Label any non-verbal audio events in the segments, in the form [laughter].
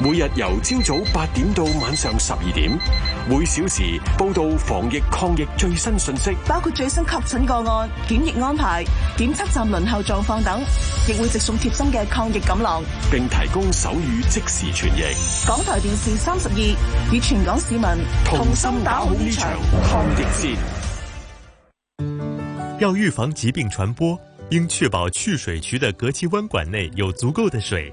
每日由朝早八點到晚上十二點，每小時報道防疫抗疫最新信息，包括最新確診個案、檢疫安排、檢測站輪候狀況等，亦會直送貼心嘅抗疫錦囊，並提供手語即時傳譯。港台電視三十二與全港市民同心打好呢場抗疫戰。要預防疾病傳播，應確保蓄水渠的隔氣彎管內有足夠的水。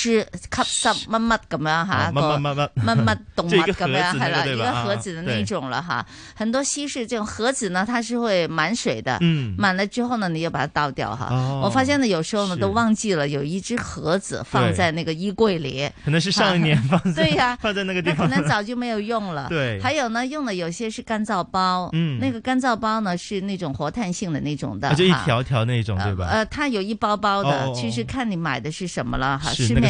是吸濕乜乜咁樣哈，乜乜乜乜乜乜動物咁樣係啦，一個盒子的那種了哈。很多西式這種盒子呢，它是會滿水的，滿了之後呢，你要把它倒掉哈。我發現呢，有時候呢都忘記了，有一隻盒子放在那個衣櫃裏，可能是上一年放在對呀，放在那個地方，那可能早就沒有用了。對，還有呢，用的有些是乾燥包，嗯，那個乾燥包呢是那種活性炭的那種的，就一條條那種對吧？呃，它有一包包的，其實看你買的是什麼了哈，市面。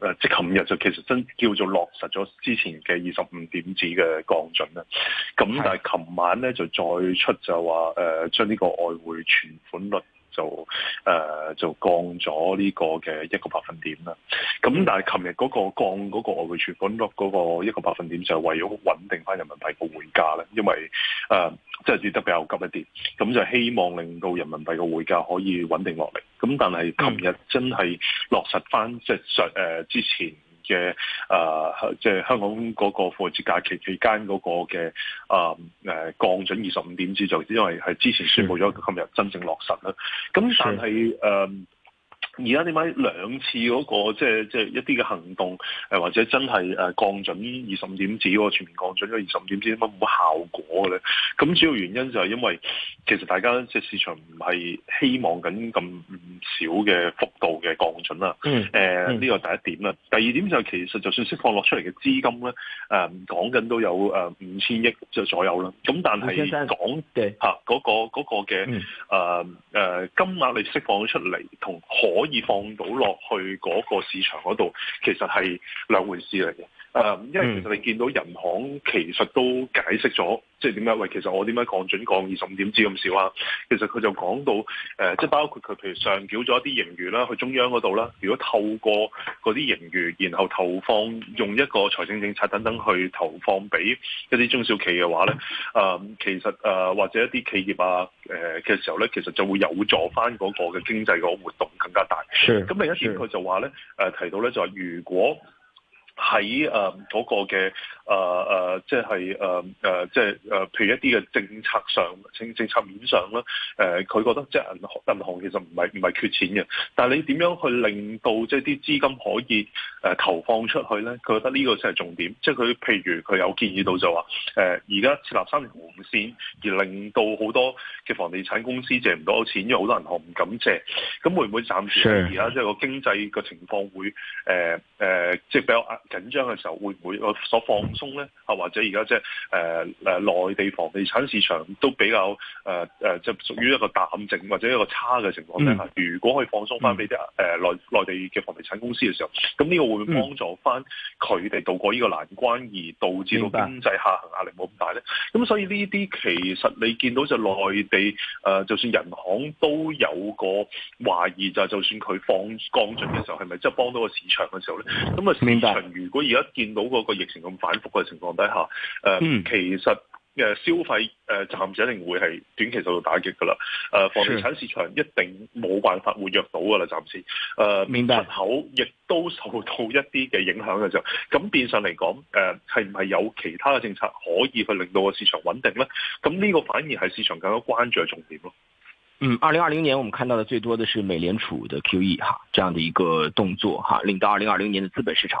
誒、呃、即係琴日就其實真叫做落實咗之前嘅二十五點子嘅降準啦，咁但係琴晚咧就再出就話誒、呃、將呢個外匯存款率。就誒、呃、就降咗呢個嘅一個百分點啦。咁但係琴日嗰個降嗰個外匯存款率嗰個一個百分點就係為咗穩定翻人民幣個匯價咧，因為誒即係跌得比較急一啲，咁就希望令到人民幣個匯價可以穩定落嚟。咁但係琴日真係落實翻即係呃之前。嘅誒，即係、呃就是、香港嗰個復活節假期期間嗰個嘅誒誒，降準二十五點子，就因為係之前宣布咗，今日真正落實啦。咁但係誒。呃而家點解兩次嗰、嗰個即係即係一啲嘅行動、呃、或者真係誒、呃、降準二十五點子喎，全面降準咗二十五點子，點解冇效果嘅咧？咁主要原因就係因為其實大家即係市場唔係希望緊咁少嘅幅度嘅降準啦。誒呢個第一點啦。嗯、第二點就其實就算釋放落出嚟嘅資金咧，誒講緊都有誒、呃、五千億就左右啦。咁但係講嘅嗰個嗰嘅誒誒金額你釋、釋放咗出嚟同可可以放到落去嗰個市場嗰度，其實係兩回事嚟嘅。誒，嗯嗯、因為其實你見到人行其實都解釋咗，即係點解？喂，其實我點解降準降二十五點子咁少啊？其實佢就講到誒，即、呃、係、就是、包括佢譬如上繳咗一啲盈餘啦，去中央嗰度啦。如果透過嗰啲盈餘，然後投放用一個財政政策等等去投放俾一啲中小企嘅話咧，誒、嗯嗯，其實誒、呃、或者一啲企業啊，嘅、呃、時候咧，其實就會有助翻嗰個嘅經濟個活動更加大。咁是另一點佢就話咧的、呃，提到咧就係如果。喺誒嗰個嘅誒誒，即係誒即係誒，譬如一啲嘅政策上政政策面上咧，佢、呃、覺得即係銀，銀行其實唔係唔係缺錢嘅，但係你點樣去令到即係啲資金可以、呃、投放出去咧？佢覺得呢個先係重點，即係佢譬如佢有建議到就話誒，而、呃、家設立三條紅線，而令到好多嘅房地產公司借唔到錢，因為好多銀行唔敢借，咁會唔會暫時而家的即係個經濟嘅情況會誒、呃呃、即係比較緊張嘅時候會唔會所放鬆咧？啊，或者而家即係誒誒內地房地產市場都比較誒即、呃呃、屬於一個淡靜或者一個差嘅情況咧、嗯、如果可以放鬆翻俾啲誒內地嘅房地產公司嘅時候，咁呢個會唔會幫助翻佢哋度過呢個難關，而導致到經濟下行壓力冇咁大咧？咁所以呢啲其實你見到就內地誒、呃，就算人行都有個懷疑，就就算佢放降準嘅時候，係咪即係幫到個市場嘅時候咧？咁、那、啊、個、市場。如果而家見到嗰個疫情咁反覆嘅情況底下，呃嗯、其實、呃、消費、呃、暫時一定會係短期受到打擊噶啦，房地產市場一定冇辦法活躍到噶啦，暫時，面、呃、白人口亦都受到一啲嘅影響嘅就，咁變相嚟講誒係唔係有其他嘅政策可以去令到個市場穩定咧？咁呢個反而係市場更加關注嘅重點咯。嗯，二零二零年我們看到的最多係美聯儲的 QE 哈，這樣的嘅一個動作哈，令到二零二零年的資本市場。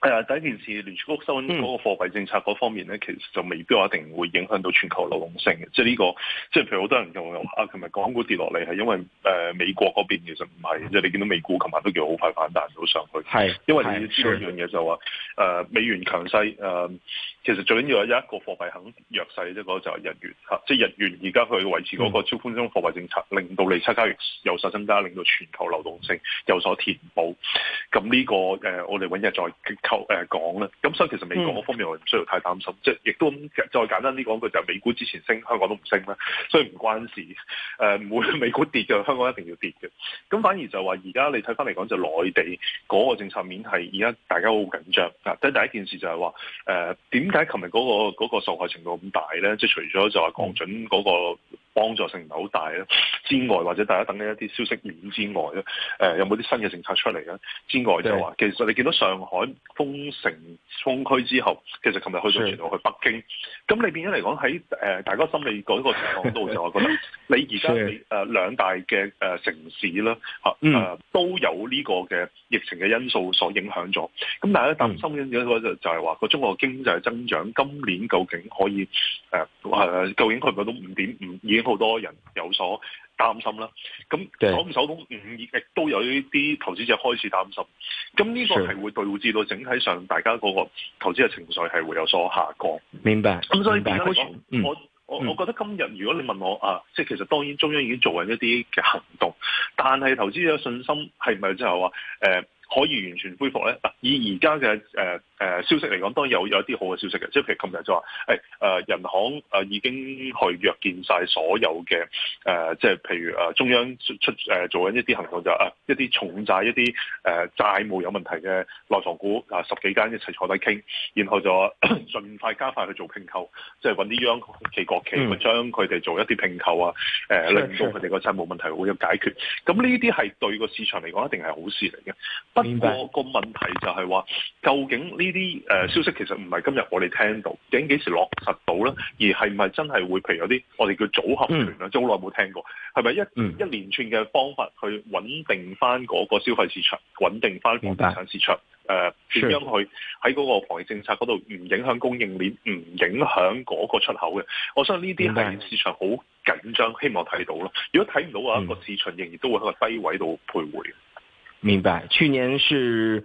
係啊，第一件事，聯儲局收緊嗰個貨幣政策嗰方面咧，嗯、其實就未必話一定會影響到全球流動性嘅。即係、這、呢個，即係譬如好多人就話，琴日港股跌落嚟係因為誒、呃、美國嗰邊其實唔係，嗯、即係你見到美股琴日都叫好快反彈咗上去。係、嗯，因為你要知道一樣嘢就話誒、呃、美元強勢誒、呃，其實最緊要有一個貨幣肯弱勢，即、那、係、個、就係日元嚇。即係日元而家佢維持嗰個超寬鬆貨幣政策，令到利差交易有所增加，令到全球流動性有所填補。咁呢、這個誒、呃，我哋揾日再溝。誒講咧，咁所以其實美國嗰方面我哋唔需要太擔心，即係亦都咁再簡單啲講句，就係美股之前升，香港都唔升啦，所以唔關事，誒、呃、唔會美股跌嘅，香港一定要跌嘅。咁反而就係話，而家你睇翻嚟講，就係、內地嗰個政策面係而家大家好緊張、啊。第一件事就係話誒，點解琴日嗰個受害程度咁大咧？即係除咗就話降準嗰個。嗯幫助性唔係好大，之外或者大家等緊一啲消息面之外咧，誒、呃、有冇啲新嘅政策出嚟之外就係話，其實你見到上海封城封區之後，其實琴日去咗全部去北京，咁你變咗嚟講喺、呃、大家心理嗰個情況都就似我覺得，你而家誒兩大嘅、呃、城市啦、呃、都有呢個嘅疫情嘅因素所影響咗。咁大家咧擔心嘅一個就係話個中國經濟增長今年究竟可以、呃、究竟佢達到五點五已經好多人有所擔心啦，咁講唔首唔五亦都有一啲投資者開始擔心，咁呢個係會導致到整體上大家嗰個投資嘅情緒係會有所下降。明白，咁所以而家我我我覺得今日如果你問我啊，即係其實當然中央已經做緊一啲嘅行動，但係投資者信心係咪即係話誒可以完全恢復咧？嗱，以而家嘅誒。誒消息嚟講，當然有有一啲好嘅消息嘅，即係譬如今日就話，誒人行誒已經去約見晒所有嘅誒，即、呃、係譬如誒中央出誒、呃、做緊一啲行動、就是，就、呃、啊一啲重債、一啲誒、呃、債務有問題嘅內房股啊十幾間一齊坐低傾，然後就盡快加快去做併購，即係揾啲央企國企，咪將佢哋做一啲併購啊、呃，令到佢哋個債務問題會有解決。咁呢啲係對個市場嚟講一定係好事嚟嘅。不過個問題就係話，究竟呢？呢啲誒消息其實唔係今日我哋聽到，究竟幾時落實到咧？而係唔係真係會譬如有啲我哋叫組合拳啊？即好耐冇聽過，係咪一、嗯、一連串嘅方法去穩定翻嗰個消費市場，穩定翻房地產市場？誒點樣去喺嗰個防疫政策嗰度唔影響供應鏈，唔影響嗰個出口嘅？我相信呢啲係市場好緊張，明白，希望睇到咯。如果睇唔到話，一個市場、嗯、仍然都會喺個低位度徘徊。明白，去年是。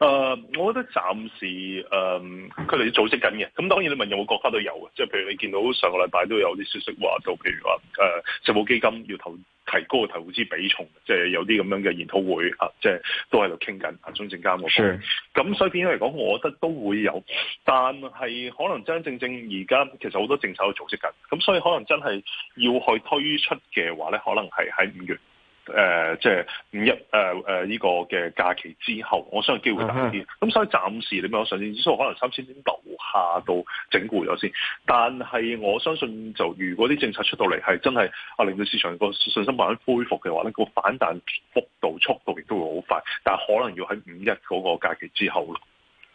誒，uh, 我覺得暫時誒，佢、uh, 哋組織緊嘅。咁當然你問有冇國家都有嘅，即係譬如你見到上個禮拜都有啲消息話，就譬如話誒，社、uh, 保基金要投提高投資比重，即、就、係、是、有啲咁樣嘅研討會啊，uh, 即係都喺度傾緊啊，中證監我覺得。咁是所以變咗嚟講，我覺得都會有，但係可能真真正正而家其實好多政策都組織緊，咁所以可能真係要去推出嘅話咧，可能係喺五月。誒、呃，即係五一誒誒，依、呃呃這個嘅假期之後，我相信機會大啲。咁、嗯嗯、所以暫時你咪我上線，所以可能三千點留下到整固咗先。但係我相信，就如果啲政策出到嚟，係真係啊，令到市場個信心慢慢恢復嘅話咧，個反彈幅度速度亦都會好快。但係可能要喺五一嗰個假期之後咯。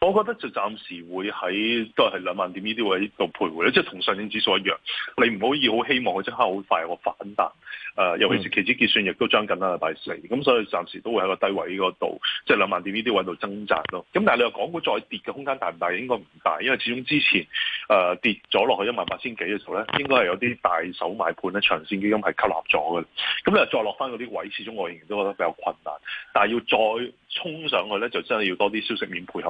我覺得就暫時會喺都係兩萬點呢啲位度徘徊咧，即係同上證指數一樣，你唔可以好希望佢即刻好快個反彈。誒、呃，尤其是其期指結算亦都將近一個禮拜四，咁所以暫時都會喺個低位嗰度，即係兩萬點呢啲位度掙扎咯。咁但係你話港股再跌嘅空間大唔大？應該唔大，因為始終之前誒、呃、跌咗落去一萬八千幾嘅時候咧，應該係有啲大手買盤咧，長線基金係吸納咗嘅。咁你話再落翻嗰啲位置，始終我仍然都覺得比較困難。但係要再衝上去咧，就真係要多啲消息面配合。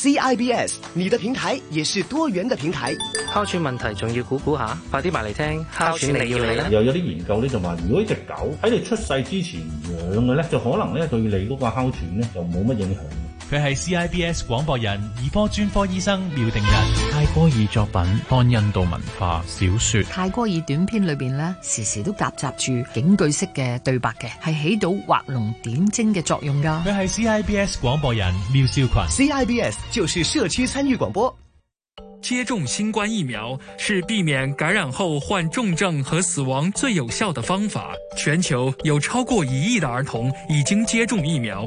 CIBS，你的平台也是多元的平台。哮喘問題仲要估估下，快啲埋嚟聽哮喘嚟嘅啦。又有啲研究咧，就話如果一隻狗喺你出世之前養嘅咧，就可能咧對你個哮喘咧就冇乜影響。佢係 CIBS 廣播人，兒科專科醫生廖定仁。泰戈爾作品《看印度文化小說》。泰戈爾短片裏邊呢，時時都夾雜住警句式嘅對白嘅，係起到畫龍點睛嘅作用噶。佢係 CIBS 廣播人廖小群。CIBS 就是社區參與廣播。接種新冠疫苗是避免感染後患重症和死亡最有效的方法。全球有超過一億的兒童已經接種疫苗。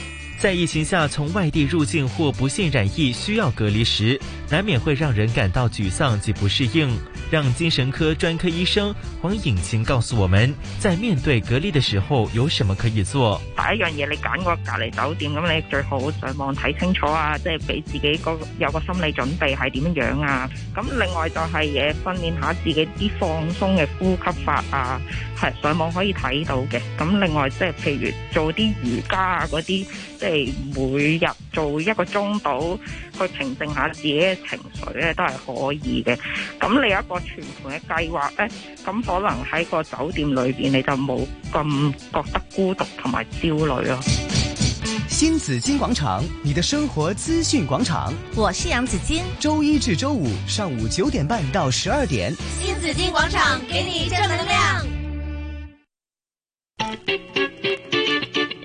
在疫情下，從外地入境或不幸染疫需要隔離時，難免會讓人感到沮喪及不適應。讓精神科專科醫生黃穎晴告訴我們，在面對隔離的時候，有什麼可以做？第一樣嘢，你揀個隔離酒店，咁你最好上網睇清楚啊，即係俾自己個有個心理準備係點樣啊。咁另外就係誒訓練下自己啲放鬆嘅呼吸法啊，係上網可以睇到嘅。咁另外即係譬如做啲瑜伽啊嗰啲。那些即係每日做一個鐘到去平靜下自己嘅情緒咧，都係可以嘅。咁你有一個全盤嘅計劃咧，咁可能喺個酒店裏邊你就冇咁覺得孤獨同埋焦慮咯。新紫荊廣場，你的生活資訊廣場，我是楊子矜。周一至周五上午九點半到十二點，新紫荊廣場給你正能量。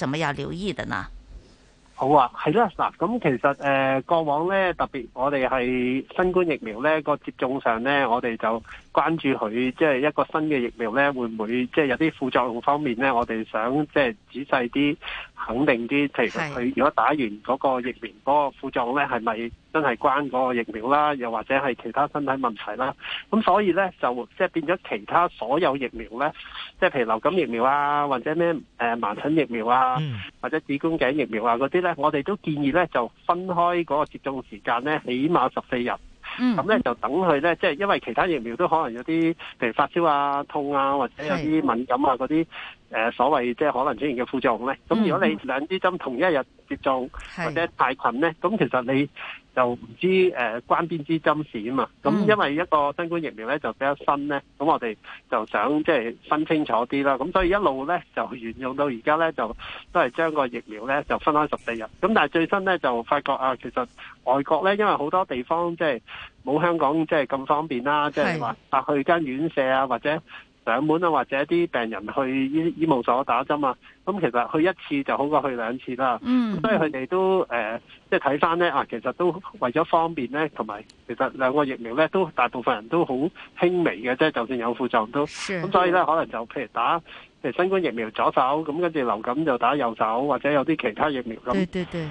什麼要留意的呢？好啊，係啦，嗱，咁其實誒，過往呢，特別我哋係新冠疫苗呢個接種上呢，我哋就關注佢即係一個新嘅疫苗呢，會唔會即係有啲副作用方面呢，我哋想即係仔細啲。肯定啲，譬如佢如果打完嗰個疫苗嗰個副作用咧，係咪真係關嗰個疫苗啦？又或者係其他身體問題啦？咁所以咧就即係變咗其他所有疫苗咧，即係譬如流感疫苗啊，或者咩誒麻疹疫苗啊，或者子宮頸疫苗啊嗰啲咧，我哋都建議咧就分開嗰個接種時間咧，起碼十四日。咁咧、嗯、就等佢咧，即、就、係、是、因為其他疫苗都可能有啲，譬如發燒啊、痛啊，或者有啲敏感啊嗰啲，誒、呃、所謂即係可能出現嘅副作用咧。咁如果你兩支針同一日接種或者太近咧，咁其實你，就唔知誒、呃、關邊支針線啊嘛，咁因為一個新冠疫苗咧就比較新咧，咁我哋就想即係、就是、分清楚啲啦，咁所以一路咧就沿用到而家咧就都係將個疫苗咧就分開十四日，咁但係最新咧就發覺啊，其實外國咧因為好多地方即係冇香港即係咁方便啦，即係話啊去間院舍啊或者。上門啊，或者一啲病人去醫醫務所打針啊，咁其實去一次就好過去兩次啦。嗯，mm. 所以佢哋都誒，即係睇翻咧啊，其實都為咗方便咧，同埋其實兩個疫苗咧都大部分人都好輕微嘅啫，就算有副作用都。咁所以咧，可能就譬如打。新冠疫苗左手，咁跟住流感就打右手，或者有啲其他疫苗咁，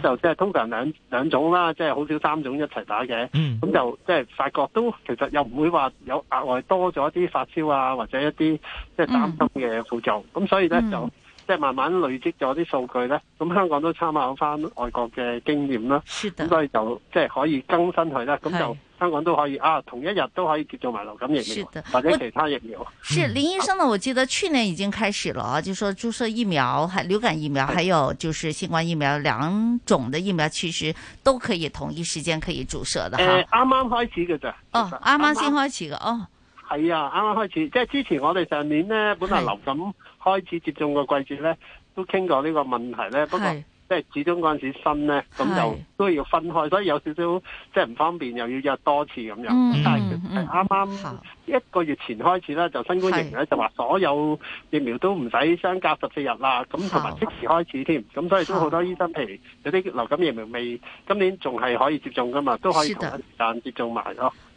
就即係通常兩兩種啦，即係好少三種一齊打嘅。咁、嗯、就即係、就是、發覺都其實又唔會話有額外多咗啲發燒啊，或者一啲即係擔心嘅副作用。咁所以咧就即係、就是、慢慢累積咗啲數據咧，咁香港都參考翻外國嘅經驗啦。咁的所以就即係、就是、可以更新佢啦。咁就。香港都可以啊，同一日都可以接種埋流感疫苗，或者其他疫苗。是林醫生呢？我記得去年已經開始了啊，嗯、就說注射疫苗、嗯、流感疫苗，還有就是新冠疫苗兩種的疫苗，其實都可以同一時間可以注射的誒，啱啱、呃、哈開始嘅咋、哦？哦，啱啱先開始嘅哦。係啊，啱啱開始，即係之前我哋上年呢，本嚟流感開始接種嘅季節呢，是都傾過呢個問題呢。是不過。即係始終嗰陣時新咧，咁就都要分開，是所以有少少即係唔方便，又要約多次咁樣。嗯、但係啱啱一個月前開始咧，就新冠疫情咧就話所有疫苗都唔使相隔十四日啦，咁同埋即時開始添，咁所以都好多醫生譬是如有啲流感疫苗未今年仲係可以接種㗎嘛，都可以同一時間接種埋咯。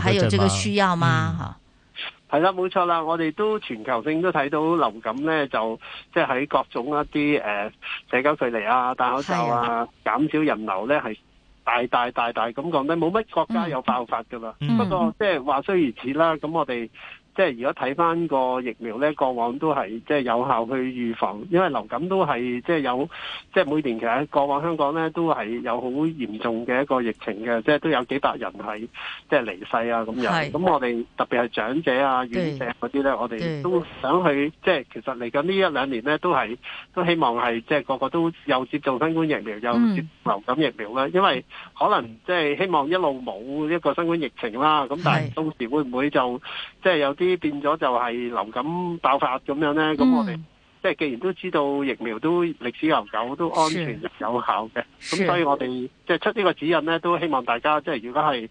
還有這個需要嗎？哈，係啦，冇錯啦，我哋都全球性都睇到流感咧，就即係喺各種一啲誒社交距離啊、戴口罩啊、減少人流咧，係大大大大咁講咧，冇乜國家有爆發噶啦。不過即係話雖如此啦，咁我哋。即係如果睇翻個疫苗咧，過往都係即係有效去預防，因為流感都係即係有即係每年其實過往香港咧都係有好嚴重嘅一個疫情嘅，即係都有幾百人係即係離世啊咁樣。咁是我哋特別係長者啊、是院長者嗰啲咧，我哋都想去即係其實嚟緊呢一兩年咧，都係都希望係即係個個都又接種新冠疫苗，又、嗯、接流感疫苗啦。因為可能即係希望一路冇一個新冠疫情啦。咁但係到時會唔會就即係、就是、有啲？變咗就係流感爆發咁樣咧，咁、嗯、我哋即係既然都知道疫苗都歷史悠久，都安全有效嘅，咁是所以我哋即係出呢個指引咧，都希望大家即係如果係。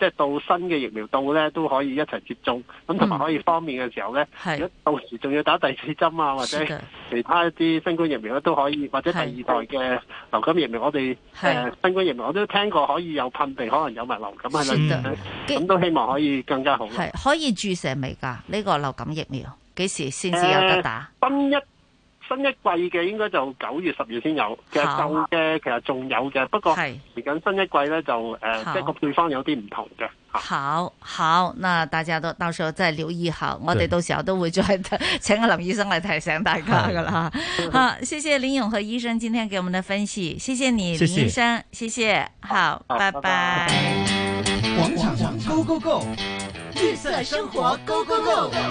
即係到新嘅疫苗到咧，都可以一齊接種。咁同埋可以方便嘅時候咧，的如果到時仲要打第四針啊，或者其他一啲新冠疫苗咧，都可以，或者第二代嘅流感疫苗，我哋誒新冠疫苗我都聽過可以有噴鼻，可能有埋流感喺度。咁都希望可以更加好。係可以注射未㗎？呢、呢個流感疫苗幾時先至有得打？新、呃、一新一季嘅應該就九月十月先有，啊、舊其實舊嘅其實仲有嘅，不過而緊新一季咧就誒、呃，即係好個配方有啲唔同嘅。好好，那大家都到時候再留意下，是我哋到時候都會再請阿林醫生嚟提醒大家噶啦。啊是，謝謝林永和醫生今天給我們的分析，謝謝你，林謝醫生，謝謝。好，好拜拜。廣場上 GOGOGO，綠色生活 GOGOGO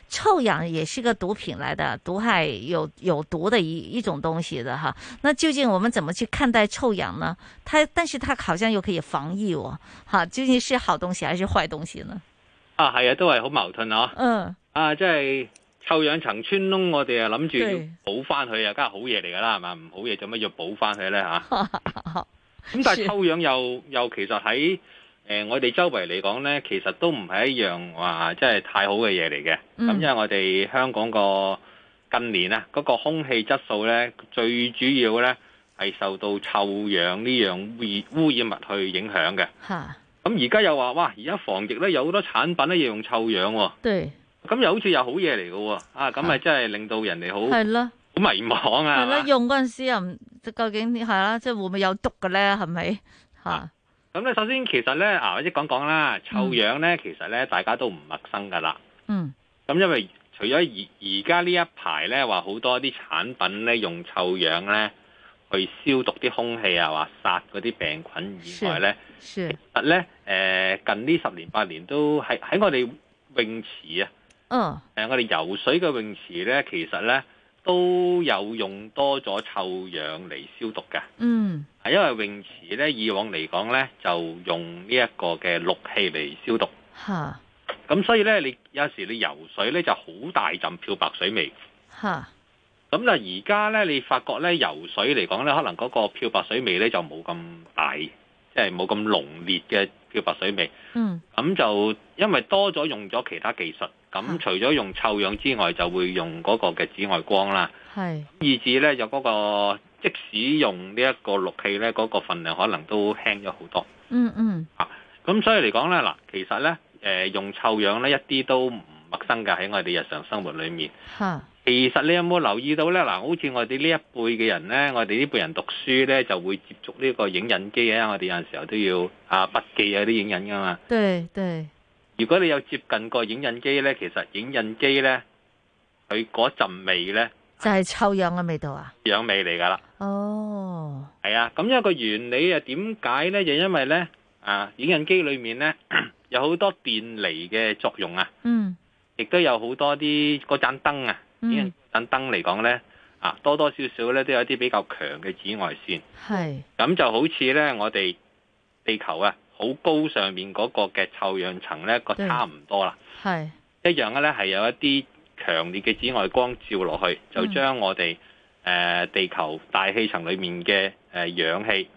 臭氧也是個毒品來的，毒害有有毒的一一種東西的哈。那究竟我們怎麼去看待臭氧呢？它，但是它好像又可以防疫哦，哈，究竟是好東西還是壞東西呢？啊，係啊，都係好矛盾啊，哦。嗯。啊，即係臭氧層穿窿，我哋啊諗住要補翻佢啊，梗係對好嘢嚟噶啦，係嘛？唔好嘢做乜要補翻佢咧吓？咁 [laughs] [laughs] 但係臭氧又是又其實喺。誒，我哋周圍嚟講咧，其實都唔係一樣話即係太好嘅嘢嚟嘅。咁因為我哋香港個近年咧，嗰個空氣質素咧，最主要咧係受到臭氧呢樣污染物去影響嘅。吓咁而家又話，哇！而家防疫咧有好多產品咧要用臭氧。對。咁又好似有好嘢嚟㗎。啊，咁咪真係令到人哋好係咯，好迷茫啊。係咯，用嗰陣時又唔究竟係啦，即係會唔會有毒嘅咧？係咪吓？咁咧，首先其實咧，啊，即講講啦，臭氧咧，其實咧，大家都唔陌生噶啦。嗯。咁，因為除咗而而家呢一排咧，話好多啲產品咧用臭氧咧去消毒啲空氣啊，話殺嗰啲病菌以外咧，其實咧，誒、呃，近呢十年八年都喺喺我哋泳池啊，嗯、哦，誒、呃，我哋游水嘅泳池咧，其實咧。都有用多咗臭氧嚟消毒嘅，嗯，係因為泳池咧，以往嚟講咧就用呢一個嘅氯氣嚟消毒，吓哈，咁所以咧你有時你游水咧就好大陣漂白水味，吓哈，咁但而家咧你發覺咧游水嚟講咧可能嗰個漂白水味咧就冇咁大。即係冇咁濃烈嘅漂白水味，嗯，咁就因為多咗用咗其他技術，咁除咗用臭氧之外，就會用嗰個嘅紫外光啦，係是，以至呢就嗰個即使用呢一個氯氣呢，嗰、那個份量可能都輕咗好多，嗯嗯，咁、啊、所以嚟講呢，嗱，其實呢，誒、呃、用臭氧呢，一啲都唔陌生㗎。喺我哋日常生活裏面吓。嗯嗯其實你有冇留意到咧？嗱，好似我哋呢一輩嘅人咧，我哋呢輩人讀書咧，就會接觸呢個影印機嘅。我哋有陣時候都要啊筆記啊啲影印噶嘛。對對。如果你有接近個影印機咧，其實影印機咧，佢嗰陣味咧，就係臭氧嘅味道啊！氧味嚟噶啦。哦。係啊，咁樣個原理啊？點解咧？就因為咧啊，影印機裏面咧有好多電離嘅作用啊。嗯。亦都有好多啲嗰盞燈啊。嗯、來呢盞燈嚟講咧，啊多多少少咧都有一啲比較強嘅紫外線，係咁是就好似咧，我哋地球啊，好高上面嗰個嘅臭氧層咧，個對差唔多啦。係是一樣嘅咧，係有一啲強烈嘅紫外光照落去，就將我哋誒、嗯呃、地球大氣層裏面嘅誒、呃、氧氣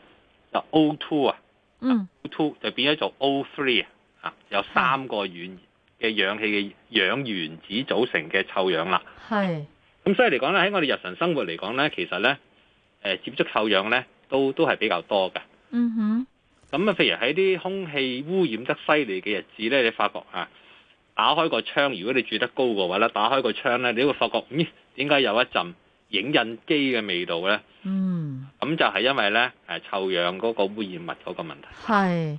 就 O two 啊、嗯、2，O two 就變咗做 O three 啊，有三個氧。嘅氧氣嘅氧原子組成嘅臭氧啦，係是，咁所以嚟講咧，喺我哋日常生活嚟講咧，其實咧，誒接觸臭氧咧，都都係比較多嘅。嗯哼，咁啊，譬如喺啲空氣污染得犀利嘅日子咧，你發覺啊，打開個窗，如果你住得高嘅話咧，打開個窗咧，你會發覺咦，點解有一陣影印機嘅味道咧？嗯，咁就係因為咧誒臭氧嗰個污染物嗰個問題。係。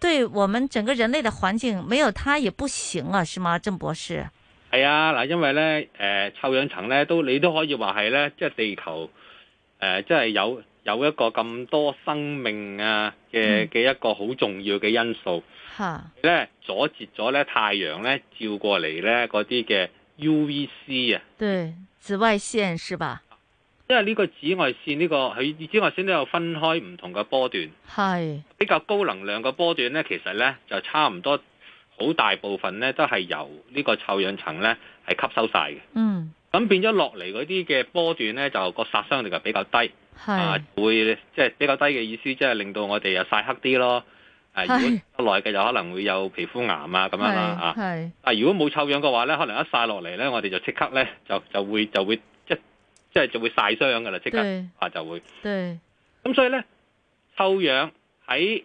對我們整個人類的環境，沒有它也不行啊，是嗎，鄭博士？係啊，嗱，因為咧，誒、呃，臭氧層咧都，你都可以話係咧，即係地球，誒、呃，即係有有一個咁多生命啊嘅嘅、嗯、一個好重要嘅因素，吓哈，咧阻截咗咧太陽咧照過嚟咧啲嘅 UVC 啊，對，紫外線是吧？因為呢個紫外線呢個，佢紫外線都有分開唔同嘅波段，係是比較高能量嘅波段咧，其實咧就差唔多，好大部分咧都係由呢個臭氧層咧係吸收晒嘅。嗯，咁變咗落嚟嗰啲嘅波段咧，就個殺傷力就比較低，係是、啊、會即係、就是、比較低嘅意思，即係令到我哋又晒黑啲咯。啊是，如果耐嘅就可能會有皮膚癌啊咁是樣啦啊。係。是但係如果冇臭氧嘅話咧，可能一晒落嚟咧，我哋就即刻咧就就會就會。就會就會即係就會曬傷噶啦，即刻啊就會。咁所以咧，臭氧喺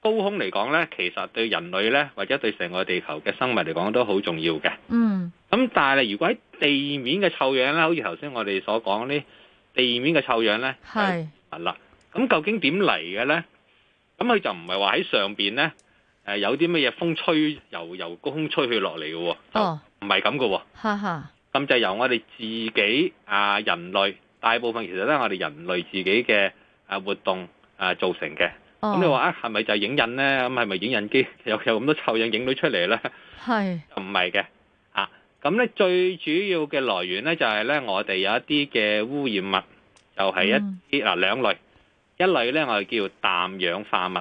高空嚟講咧，其實對人類咧，或者對成個地球嘅生物嚟講都好重要嘅。嗯。咁但係如果喺地面嘅臭氧咧，好似頭先我哋所講呢，地面嘅臭氧咧，係。係啦。咁究竟點嚟嘅咧？咁佢就唔係話喺上邊咧，誒、呃、有啲乜嘢風吹由由高空吹去落嚟嘅。哦。唔係咁嘅。哦、哈哈。咁就由我哋自己啊，人類大部分其實咧，我哋人類自己嘅啊活動啊造成嘅。哦，咁你話啊，係咪就係影印咧？咁係咪影印機有有咁多臭氧影到出嚟咧？係，唔係嘅啊？咁咧，最主要嘅來源咧，就係咧我哋有一啲嘅污染物，就係一啲嗱兩類，一類咧我哋叫氮氧化物。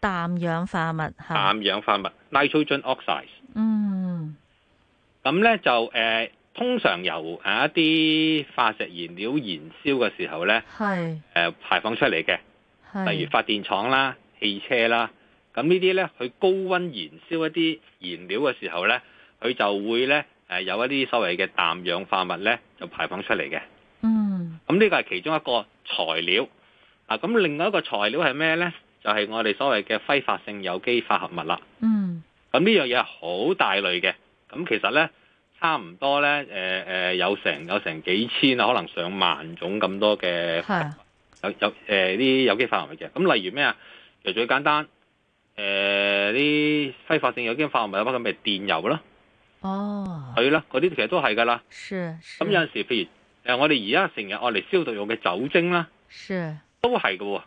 氮氧化物嚇。氮氧化物，nitrogen oxide。嗯。咁咧就誒。通常由誒一啲化石燃料燃燒嘅時候咧，係誒是、呃、排放出嚟嘅，是例如發電廠啦、汽車啦，咁呢啲咧佢高溫燃燒一啲燃料嘅時候咧，佢就會咧誒、呃、有一啲所謂嘅氮氧化物咧就排放出嚟嘅。嗯，咁呢個係其中一個材料啊，咁另外一個材料係咩咧？就係、是、我哋所謂嘅揮發性有機化合物啦。嗯，咁呢樣嘢係好大類嘅，咁其實咧。差唔多咧，誒、呃、誒、呃、有成有成幾千啊，可能上萬種咁多嘅的有有誒啲、呃、有機化合物嘅。咁例如咩啊？其實最簡單誒啲、呃、揮發性有機化合物，有咁咪電油咯。哦，係咯，嗰啲其實都係㗎啦。咁有陣時譬如誒、呃，我哋而家成日愛嚟消毒用嘅酒精啦，是都係嘅喎。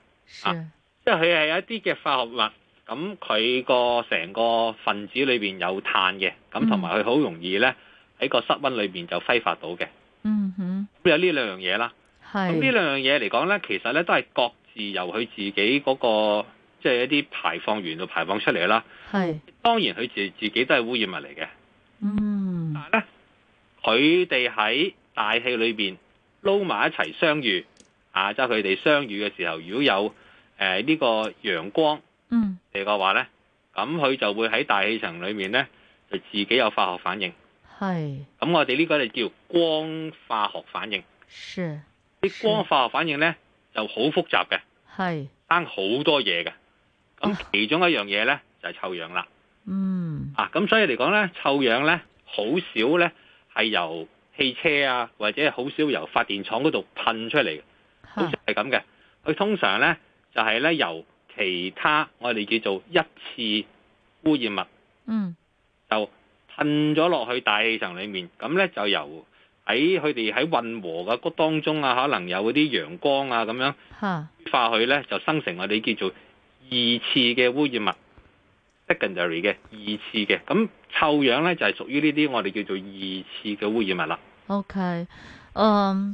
即係佢係有一啲嘅化合物，咁佢個成個分子裏邊有碳嘅，咁同埋佢好容易咧。嗯喺個室溫裏面就揮發到嘅，嗯哼、mm，hmm. 有呢兩樣嘢啦。咁呢是兩樣嘢嚟講咧，其實咧都係各自由佢自己嗰、那個，即、就、係、是、一啲排放源度排放出嚟啦。係是當然佢自自己都係污染物嚟嘅。嗯、mm，hmm. 但係咧，佢哋喺大氣裏面撈埋一齊相遇啊，即係佢哋相遇嘅時候，如果有誒呢個陽光嗯嚟嘅話咧，咁佢、mm hmm. 就會喺大氣層裏面咧就自己有化學反應。係，咁我哋呢個係叫光化學反應。是，啲光化學反應呢就好複雜嘅，係生好多嘢嘅。咁其中一樣嘢呢、啊、就係臭氧啦。嗯。啊，咁所以嚟講呢，臭氧呢好少呢係由汽車啊或者好少由發電廠嗰度噴出嚟，好似係咁嘅。佢、啊、通常呢就係、是、呢由其他我哋叫做一次污染物，嗯，就。噴咗落去大氣層裏面，咁咧就由喺佢哋喺混和嘅谷當中啊，可能有嗰啲陽光啊咁樣化去咧，就生成我哋叫做二次嘅污染物 （secondary 嘅二次嘅）。咁臭氧咧就係屬於呢啲我哋叫做二次嘅污染物啦。OK，嗯、um。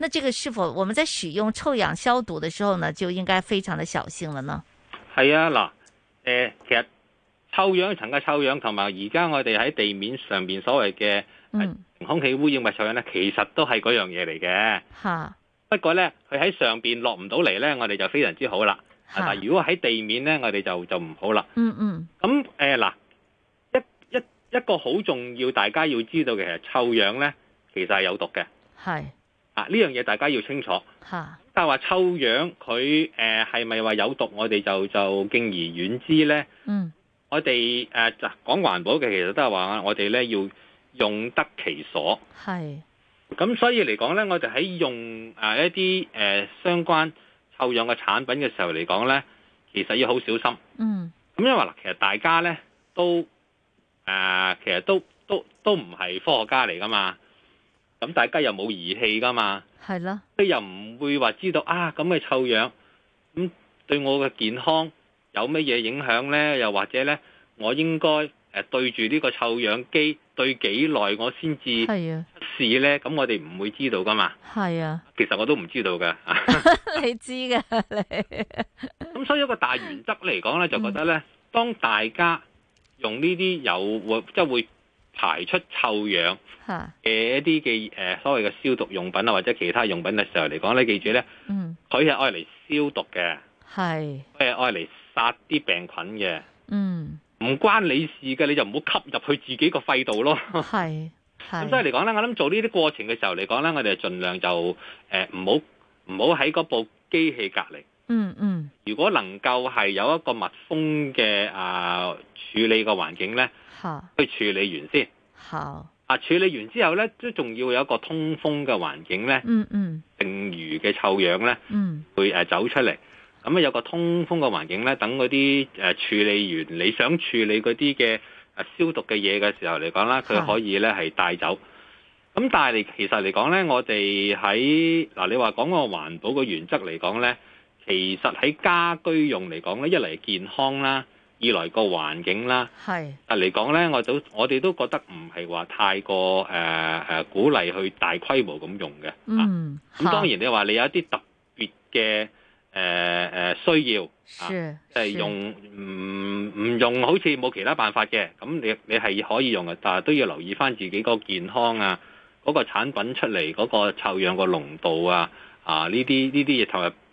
那這個是否我們在使用臭氧消毒的時候呢，就應該非常的小心了呢？係啊，嗱，誒，其實臭氧層嘅臭氧同埋而家我哋喺地面上面所謂嘅，空氣污染物臭氧呢，其實都係嗰樣嘢嚟嘅。吓、嗯，不過呢，佢喺上邊落唔到嚟呢，我哋就非常之好啦。吓、嗯，但如果喺地面呢，我哋就就唔好啦、嗯。嗯嗯。咁誒，嗱，一一個好重要，大家要知道嘅，其實臭氧呢其實係有毒嘅。係。啊！呢樣嘢大家要清楚，但係話臭氧佢誒係咪話有毒，我哋就就敬而遠之咧。嗯，我哋誒就講環保嘅，其實都係話我哋咧要用得其所。係是，咁所以嚟講咧，我哋喺用誒、呃、一啲誒、呃、相關臭氧嘅產品嘅時候嚟講咧，其實要好小心。嗯，咁、嗯、因為嗱，其實大家咧都誒、呃，其實都都都唔係科學家嚟噶嘛。咁大家又冇儀器噶嘛？係囉的，即又唔會話知道啊！咁嘅臭氧咁對我嘅健康有乜嘢影響咧？又或者咧，我應該誒對住呢個臭氧機對幾耐，的我先至試咧？咁我哋唔會知道噶嘛？係啊的，其實我都唔知道㗎。 [laughs] [laughs] 你知㗎，你，咁所以一個大原則嚟講咧，就覺得咧，嗯、當大家用呢啲有即係、就是、會排出臭氧嘅一啲嘅誒所謂嘅消毒用品啊，或者其他用品嘅時候嚟講咧，你記住咧，嗯，佢係愛嚟消毒嘅，係，佢係愛嚟殺啲病菌嘅，嗯，唔關你事嘅，你就唔好吸入去自己個肺度咯，係，係，咁所以嚟講咧，我諗做呢啲過程嘅時候嚟講咧，我哋盡量就誒唔好唔好喺嗰部機器隔離，嗯嗯，如果能夠係有一個密封嘅啊處理個環境咧。去處理完先，嚇好！啊，處理完之後咧，都仲要有一個通風嘅環境咧，嗯嗯，剩餘嘅臭氧咧，嗯，嗯會誒走出嚟。咁啊，有個通風嘅環境咧，等嗰啲誒處理完，你想處理嗰啲嘅誒消毒嘅嘢嘅時候嚟講啦，佢可以咧係帶走。咁是但係其實嚟講咧，我哋喺嗱，你話講個環保嘅原則嚟講咧，其實喺家居用嚟講咧，一嚟健康啦。二來個環境啦，係是，但嚟講咧，我都我哋都覺得唔係話太過誒誒、呃呃、鼓勵去大規模咁用嘅、呃啊。嗯，咁當然你話你有一啲特別嘅誒需要，係用唔唔用好似冇其他辦法嘅，咁你你係可以用嘅，但都要留意返自己個健康啊，嗰、那個產品出嚟嗰、那個臭氧個濃度啊，啊呢啲呢啲嘢投入。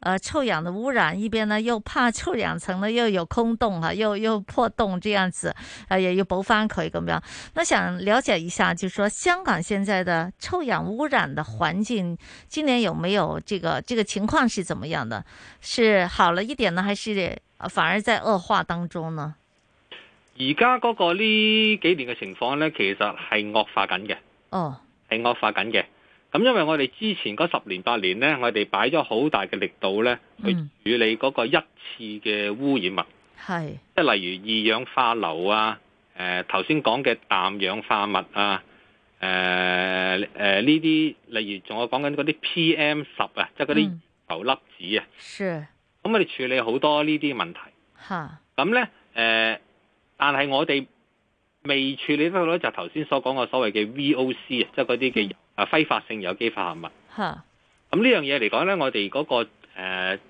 呃，臭氧的污染一邊呢，又怕臭氧層呢又有空洞哈、啊，又又破洞這樣子，啊，也有補翻可以咁樣？那想了解一下就是，就說香港現在的臭氧污染的環境，今年有沒有這個這個情況是怎麼樣的？是好了一點呢，還是反而在惡化當中呢？而家嗰個呢幾年嘅情況呢，其實係惡化緊嘅，哦，係惡化緊嘅。咁因為我哋之前嗰十年八年呢，我哋擺咗好大嘅力度呢去處理嗰個一次嘅污染物，係、嗯、即係例如二氧化硫啊，誒頭先講嘅氮氧化物啊，誒誒呢啲例如仲有我講緊嗰啲 PM 十啊，即係嗰啲浮粒子啊。咁是我哋處理好多呢啲問題。嚇哈，咁呢誒、呃，但係我哋未處理得到呢，就頭先所講嘅所謂嘅 VOC 啊，即係嗰啲嘅。啊，揮發性有機化合物。嚇的，咁呢樣嘢嚟講咧，我哋嗰、那個誒，即、呃就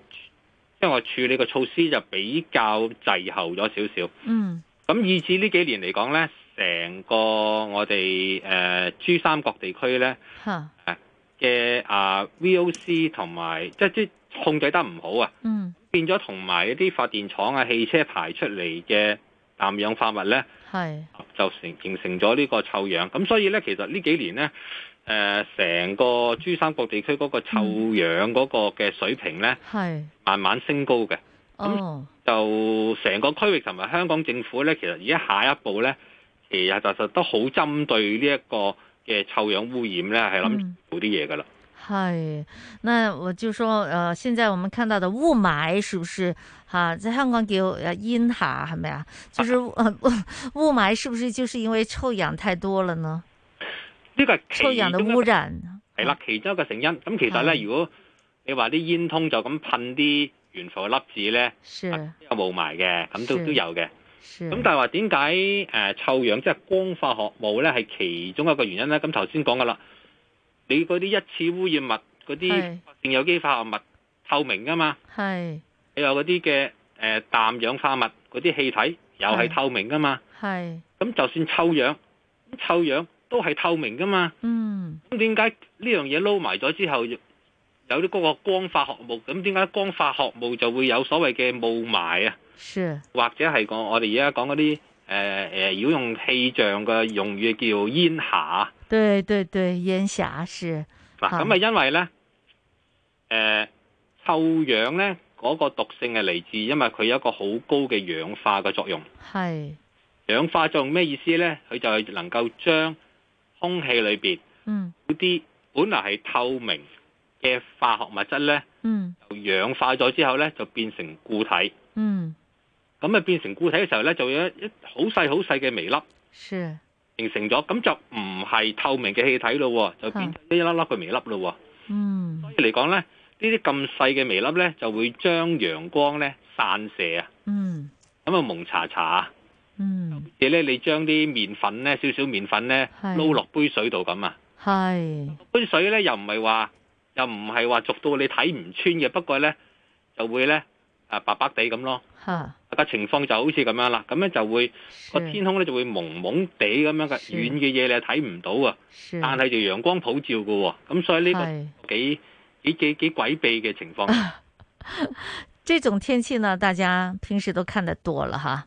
是、我處理個措施就比較滯後咗少少。嗯。咁以至呢幾年嚟講咧，成個我哋誒珠三角地區咧嘅的啊 VOC 同埋即，即控制得唔好啊。嗯。變咗同埋一啲發電廠啊、汽車排出嚟嘅氮氧化物咧，的就成形成咗呢個臭氧。咁所以咧，其實呢幾年咧。誒，成、呃、個珠三角地區嗰個臭氧嗰個嘅水平咧，係、嗯、慢慢升高嘅。咁、哦嗯、就成個區域同埋香港政府咧，其實而家下一步咧，其實就實都好針對呢一個嘅臭氧污染咧，係諗做啲嘢噶啦。係、嗯，那我就說，誒、呃，現在我們看到的霧霾是不是、啊在香港，是不是吓？即係香港叫煙霞，係咪啊？就是霧、呃、霧霾，是不是就是因為臭氧太多了呢？呢個係其中一個臭氧嘅污染，係啦，其中一個成因。咁、啊、其實咧，如果你話啲煙通就咁噴啲懸浮粒子咧，是啊、有霧霾嘅，咁都都有嘅。咁但係話點解誒臭氧即係光化學物咧係其中一個原因咧？咁頭先講噶啦，你嗰啲一次污染物嗰啲性有機化學物是透明噶嘛？係是你話嗰啲嘅誒氮氧化物嗰啲氣體又係透明噶嘛？係咁就算臭氧，臭氧，都係透明噶嘛？嗯，咁點解呢樣嘢撈埋咗之後，有啲嗰個光化學霧？咁點解光化學霧就會有所謂嘅霧霾啊？是，或者係講我哋而家講嗰啲誒誒，要用氣象嘅用語叫煙霞。對對對，煙霞是。嗱，咁咪因為咧，誒好、呃，臭氧咧嗰、嗰個毒性係嚟自，因為佢有一個好高嘅氧化嘅作用。係是，氧化作用咩意思咧？佢就係能夠將空氣裏邊，嗯，嗰啲本來係透明嘅化學物質咧，嗯，由氧化咗之後咧就變成固體，嗯，咁啊變成固體嘅時候咧就有一一好細好細嘅微粒，是，形成咗，咁就唔係透明嘅氣體咯，就變咗一粒粒嘅微粒咯，嗯，所以嚟講咧呢啲咁細嘅微粒咧就會將陽光咧散射啊，嗯，咁啊蒙查查。嗯，嘢咧，你將啲麵粉咧，少少麵粉咧，撈落杯水度咁啊，係杯水咧，又唔係話，又唔係話濁到你睇唔穿嘅，不過咧就會咧啊白白地咁咯，吓個哈情況就好似咁樣啦，咁咧就會個是天空咧就會蒙蒙地咁樣嘅，遠嘅嘢你係睇唔到啊，是但係就陽光普照嘅，咁是所以呢、這個幾幾幾幾詭秘嘅情況。呢、啊、種天氣呢，大家平時都看得多了哈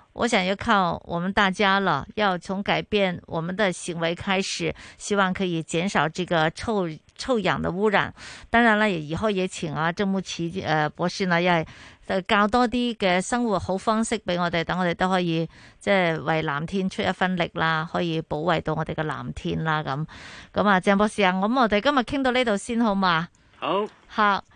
我想要靠我們大家啦，要從改變我們的行為開始，希望可以減少這個臭臭氧的污染。當然啦，而開嘢前啊，鄭睦奇誒博士啦，因係教多啲嘅生活好方式俾我哋，等我哋都可以即係為藍天出一分力啦，可以保衛到我哋嘅藍天啦咁。咁啊，鄭博士啊，咁我哋今日傾到呢度先好嘛？好嗎，吓好。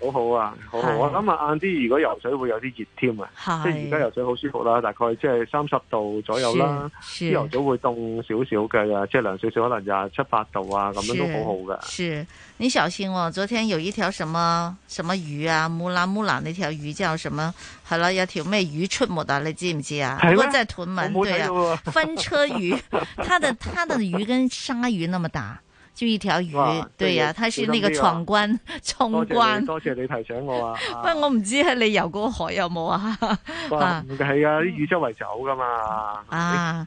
好好啊，好好。啊諗啊，晏啲是如果游水會有啲熱添啊，是即係而家游水好舒服啦，大概即係三十度左右啦。朝頭早會凍少少嘅，即係涼少少，可能廿七八度啊，咁樣都好好嘅。是你小心喎，昨天有一條什麼什麼魚啊，木蘭木蘭那條魚叫什麼？係啦，有條咩魚出沒啊？你知唔知啊？係喎嗎，我在屯門啊對啊，翻車魚， [laughs] 它的它的魚跟鯊魚那麼大。就一條魚，對呀、啊，他是那個闖關衝、啊、關多，多謝你提醒我啊！我不過我唔知係你游嗰個海有冇啊？係啊，啲、啊啊啊、魚周圍走噶嘛。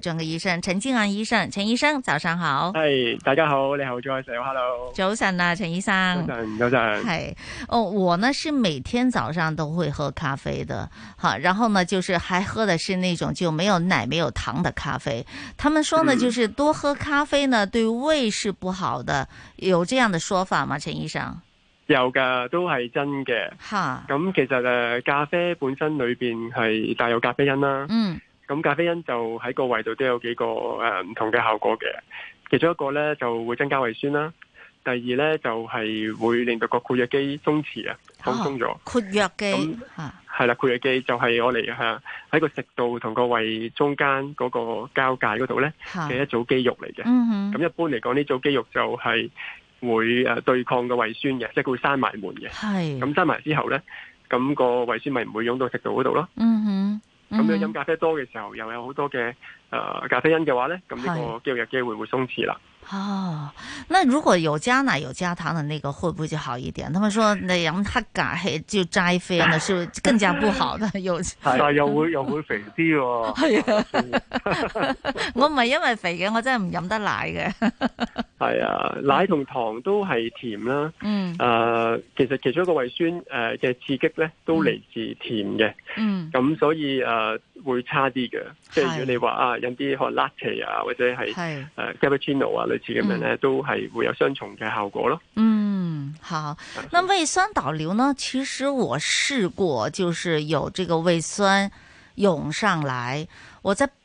整個醫生陳敬安醫生，陳醫生早上好，Hi, 大家好，你好張海 hello 早晨啊，陳醫生，早晨早晨，係、哦，我呢是每天早上都會喝咖啡的，哈，然後呢就是還喝的是那種就沒有奶沒有糖的咖啡，他們說呢、嗯、就是多喝咖啡呢對胃是不好的，有這樣的說法嗎？陳醫生有㗎，都係真嘅，哈，咁、嗯、其實誒咖啡本身裏邊係帶有咖啡因啦，嗯。咁咖啡因就喺個胃度都有幾個誒唔同嘅效果嘅。其中一個咧就會增加胃酸啦，第二咧就係會令到個括約肌鬆弛啊，放鬆咗。括約肌，係啦，括約肌就係我哋係喺個食道同個胃中間嗰個交界嗰度咧嘅一組肌肉嚟嘅。咁一般嚟講，呢組肌肉就係會誒對抗個胃酸嘅，即係佢會閂埋門嘅。係。咁閂埋之後咧，咁個胃酸咪唔會湧到食道嗰度咯。嗯哼。咁樣飲咖啡多嘅時候，又有好多嘅誒咖啡因嘅話咧，咁呢個肌肉嘅機會會鬆弛啦。哦，那如果有加奶有加糖的那個會不會就好一點？他們說你飲黑咖就齋啡，那 [laughs] 是不是更加不好的。但又 [laughs] [laughs] 但又會又會肥啲喎。係啊，我唔係因為肥嘅，我真係唔飲得奶嘅。係 [laughs] 啊，奶同糖都係甜啦。嗯，誒、呃，其實其中一個胃酸誒嘅、呃、刺激咧，都嚟自甜嘅。嗯，咁所以誒、呃、會差啲嘅。是即係如果你話啊飲啲可能 latte 啊或者係誒 cappuccino 啊咁樣咧，都係會有雙重嘅效果咯。嗯，好。那胃酸倒流呢？其實我試過，就是有這個胃酸湧上來，我在。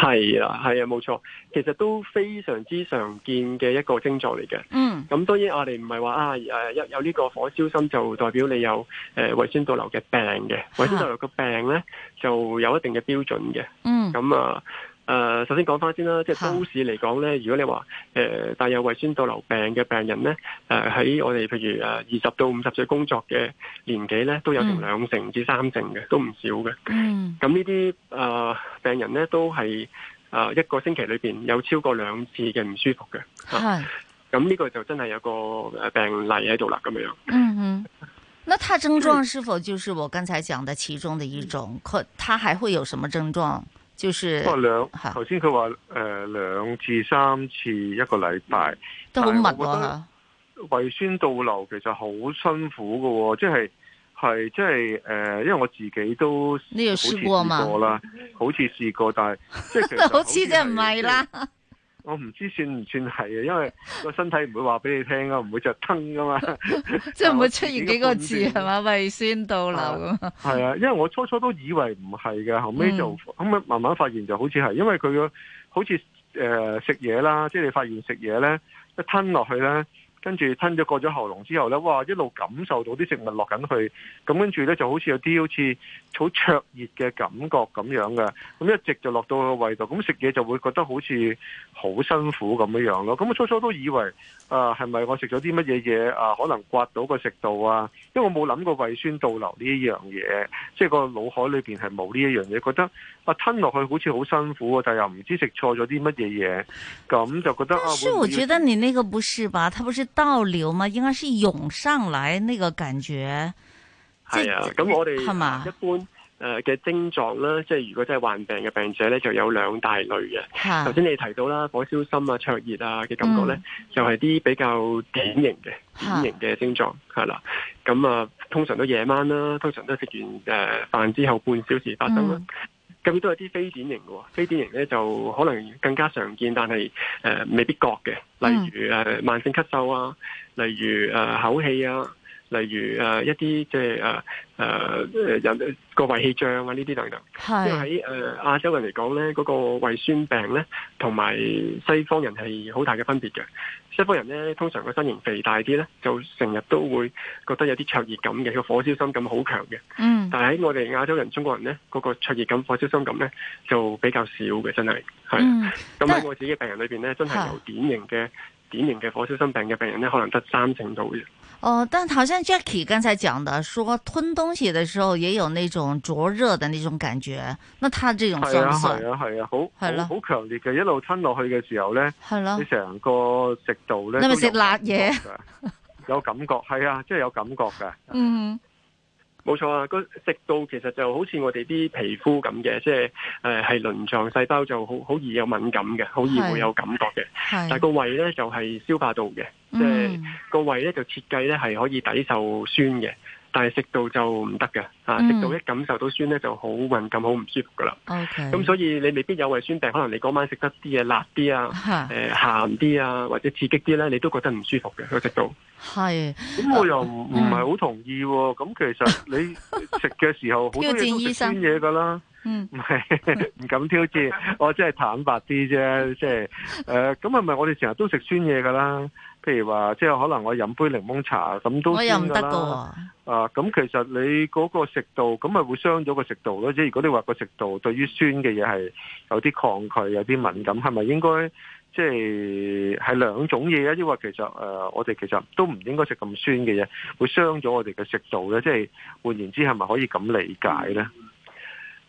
係啦，係啊，冇錯，其實都非常之常見嘅一個症狀嚟嘅。嗯，咁當然我哋唔係話啊，誒，有有呢個火燒心就代表你有誒胃酸倒流嘅病嘅，胃酸倒流嘅病呢就有一定嘅標準嘅。嗯，咁啊。誒、呃，首先講返先啦，即係都市嚟講咧，如果你話誒、呃、帶有胃酸倒流病嘅病人咧，誒、呃、喺我哋譬如誒二十到五十歲工作嘅年紀咧，都有成兩成至三成嘅，嗯、都唔少嘅。嗯，咁呢啲誒病人咧都係誒、呃、一個星期裏邊有超過兩次嘅唔舒服嘅。係、啊，咁呢個就真係有個誒病例喺度啦，咁樣樣。嗯哼，那他症狀是否就是我剛才講的其中的一種？可他還會有什麼症狀？不過兩頭先佢話誒，兩次三次，一個禮拜，都好密啊。胃酸倒流其實好辛苦噶、哦，即係係即係誒，因為我自己都你有試過嘛？好似試過，但係即係好似 [laughs] 真係唔係啦。我唔知算唔算係啊，因為個身體唔會話俾你聽啊，唔 [laughs] 會就吞噶嘛，即係唔會出現幾個字係嘛，胃酸倒流。係啊， [laughs] 因為我初初都以為唔係嘅，後尾就後尾慢慢發現就好似係，因為佢個好似誒、呃、食嘢啦，即係你發現食嘢咧一吞落去咧。跟住吞咗過咗喉嚨之後呢，哇！一路感受到啲食物落緊去，咁跟住呢，就好似有啲好似好灼熱嘅感覺咁樣嘅，咁一直就落到個胃度，咁食嘢就會覺得好似好辛苦咁樣樣咯。咁我初初都以為啊，係咪我食咗啲乜嘢嘢啊？可能刮到個食道啊？因為我冇諗過胃酸倒流呢一樣嘢，即係個腦海裏面係冇呢一樣嘢，覺得。吞落去好似好辛苦，但又唔知食錯咗啲乜嘢嘢，咁就覺得啊。但是我覺得你呢個不是吧？它不是倒流嗎？應該是湧上來那個感覺。係這啊，咁我哋一般誒嘅症狀啦，即係嗎如果真係患病嘅病者咧，就有兩大類嘅。頭先、啊、你提到啦，火燒心啊、灼熱啊嘅感覺咧，就係啲比較典型嘅、啊、典型嘅症狀係啦。咁啊，嗯、通常都夜晚啦，通常都食完誒飯之後半小時發生啦。嗯咁都有啲非典型喎。非典型呢，就可能更加常見，但係、呃、未必覺嘅，例如、呃、慢性咳嗽啊，例如、呃、口氣啊。例如誒、呃、一啲即係誒誒人個胃氣脹啊呢啲等等，即喺誒亞洲人嚟講咧，嗰個胃酸病咧，同埋西方人係好大嘅分別嘅。西方人咧通常個身形肥大啲咧，就成日都會覺得有啲灼熱感嘅，個火燒心感好強嘅。嗯，但係喺我哋亞洲人、中國人咧，嗰個灼熱感、火燒心感咧就比較少嘅，真係係。咁喺、嗯、我自己嘅病人裏邊咧，真係有典型嘅。典型嘅火燒心病嘅病人咧，可能得三成度嘅。哦，但係頭先 Jackie 剛才講的，說吞東西的時候也有那種灼熱的呢種感覺。那他這種症狀係啊係啊好係咯，好強啦、嗯、烈嘅，一路吞落去嘅時候咧，啦你成個食道咧，你咪食辣嘢，有感覺係啊，即係有感覺嘅。嗯。冇錯啊，食道其實就好似我哋啲皮膚咁嘅，即係誒係鱗狀細胞就好好易有敏感嘅，好易會有感覺嘅。是 但係個胃咧就係、是、消化道嘅，嗯、即係個胃咧就設計咧係可以抵受酸嘅。但係食到就唔得嘅，啊，食到一感受到酸咧就好敏感，好唔、嗯、舒服噶啦。咁 Okay, 所以你未必有胃酸病，可能你嗰晚食得啲嘢辣啲啊，誒鹹啲啊，或者刺激啲咧，你都覺得唔舒服嘅。佢食到。係是。咁我又唔唔係好同意，咁其實你食嘅時候好多嘢都食酸嘢噶啦。唔係唔敢挑戰， [laughs] 我真係坦白啲啫，即係誒，咁係咪我哋成日都食酸嘢噶啦？譬如話，即係可能我飲杯檸檬茶咁都酸噶啦。啊，咁其實你嗰個食道，咁咪會傷咗個食道咯。即係如果你話個食道對於酸嘅嘢係有啲抗拒，有啲敏感，係咪應該即係係兩種嘢啊？抑或其實誒、呃，我哋其實都唔應該食咁酸嘅嘢，會傷咗我哋嘅食道咧。即係換言之，係咪可以咁理解咧？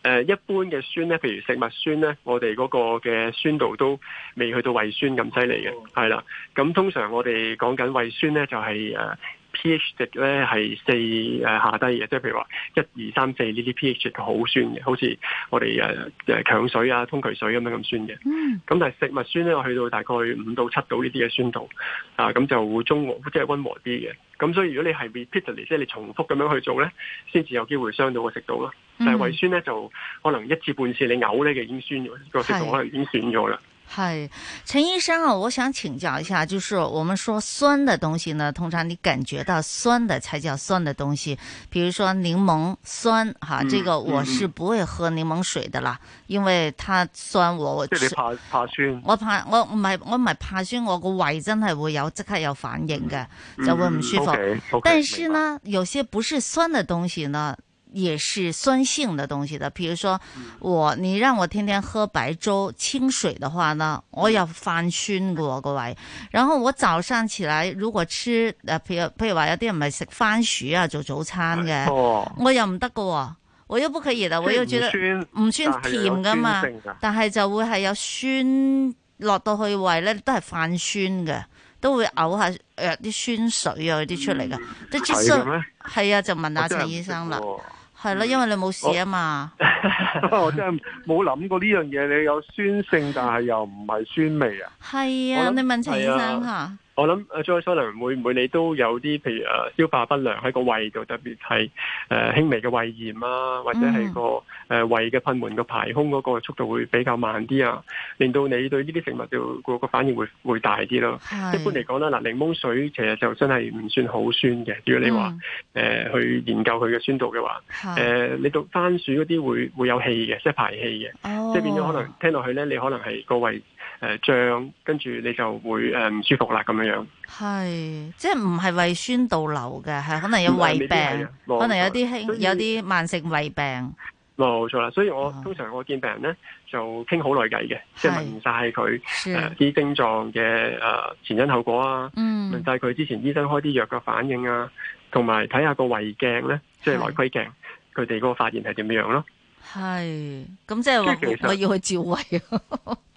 誒、呃、一般嘅酸咧，譬如食物酸咧，我哋嗰個嘅酸度都未去到胃酸咁犀利嘅。係啦、哦。咁通常我哋講緊胃酸咧，就係、係呃 pH 值咧係四，誒、呃、下低嘅，即係譬如話一二三四呢啲 pH 值好酸嘅，好似我哋誒、呃呃、強水啊、通渠水咁樣咁酸嘅。嗯。咁但係食物酸咧，我去到大概五到七度呢啲嘅酸度，啊咁就會中和，即係溫和啲嘅。咁所以如果你係 repeat 嚟，即係你重複咁樣去做咧，先至有機會傷到個食道啦。Mm. 但係胃酸咧就可能一次半次你嘔咧，就已經酸咗個是食道，可能已經損咗啦。係陳醫生啊，我想請教一下，就是我們說酸的東西呢，通常你感覺到酸的才叫酸的東西，比如說檸檬酸，哈，這個我是不會喝檸檬水的啦，嗯嗯、因為它酸，我我怕怕酸，我怕，我我我怕酸，我怕我唔係，我唔係怕酸，我個胃真係會有即刻有反應嘅，就、嗯、會唔舒服。嗯、okay, okay, 但是呢，白有些不是酸的東西呢。也是酸性的東西的，譬如說我你讓我天天喝白粥清水的話呢，我有泛酸㗎各位，然後我早上起來如果吃譬如譬如話有啲人咪食番薯啊做早餐嘅，哦、我又唔得㗎，我又不佢熱啊，我又覺得唔酸唔酸甜噶嘛，但係就會係有酸落到去胃咧都係泛酸嘅，都會嘔下誒啲酸水啊啲出嚟噶，即咩？係啊，就問下陳醫生啦。係咯，因為你冇事啊嘛， [laughs] 我真係冇諗過呢樣嘢。你有酸性，但係又唔係酸味啊？係啊想，你問陳醫生吓。我諗誒，再可能會唔會你都有啲，譬如誒消化不良喺個胃度，特別係誒輕微嘅胃炎啊，或者係個誒胃嘅噴門嘅排空嗰個速度會比較慢啲啊，令到你對呢啲食物就個個反應會會大啲咯。是一般嚟講啦，嗱檸檬水其實就真係唔算好酸嘅。如果你話誒是、呃、去研究佢嘅酸度嘅話，誒是、呃、你到番薯嗰啲會會有氣嘅，即係排氣嘅，oh. 即係變咗可能聽落去咧，你可能係個胃。誒脹，跟住你就會誒唔舒服啦咁樣樣。係，即係唔係胃酸倒流嘅，係可能有胃病，可能有啲輕，有啲慢性胃病。冇錯啦，所以我通常我見病人咧就傾好耐偈嘅，即係問晒佢啲症狀嘅誒前因後果啊，嗯，問晒佢之前醫生開啲藥嘅反應啊，同埋睇下個胃鏡咧，即係內窺鏡，佢哋嗰個發現係點樣咯。係，咁即係話我要去照胃。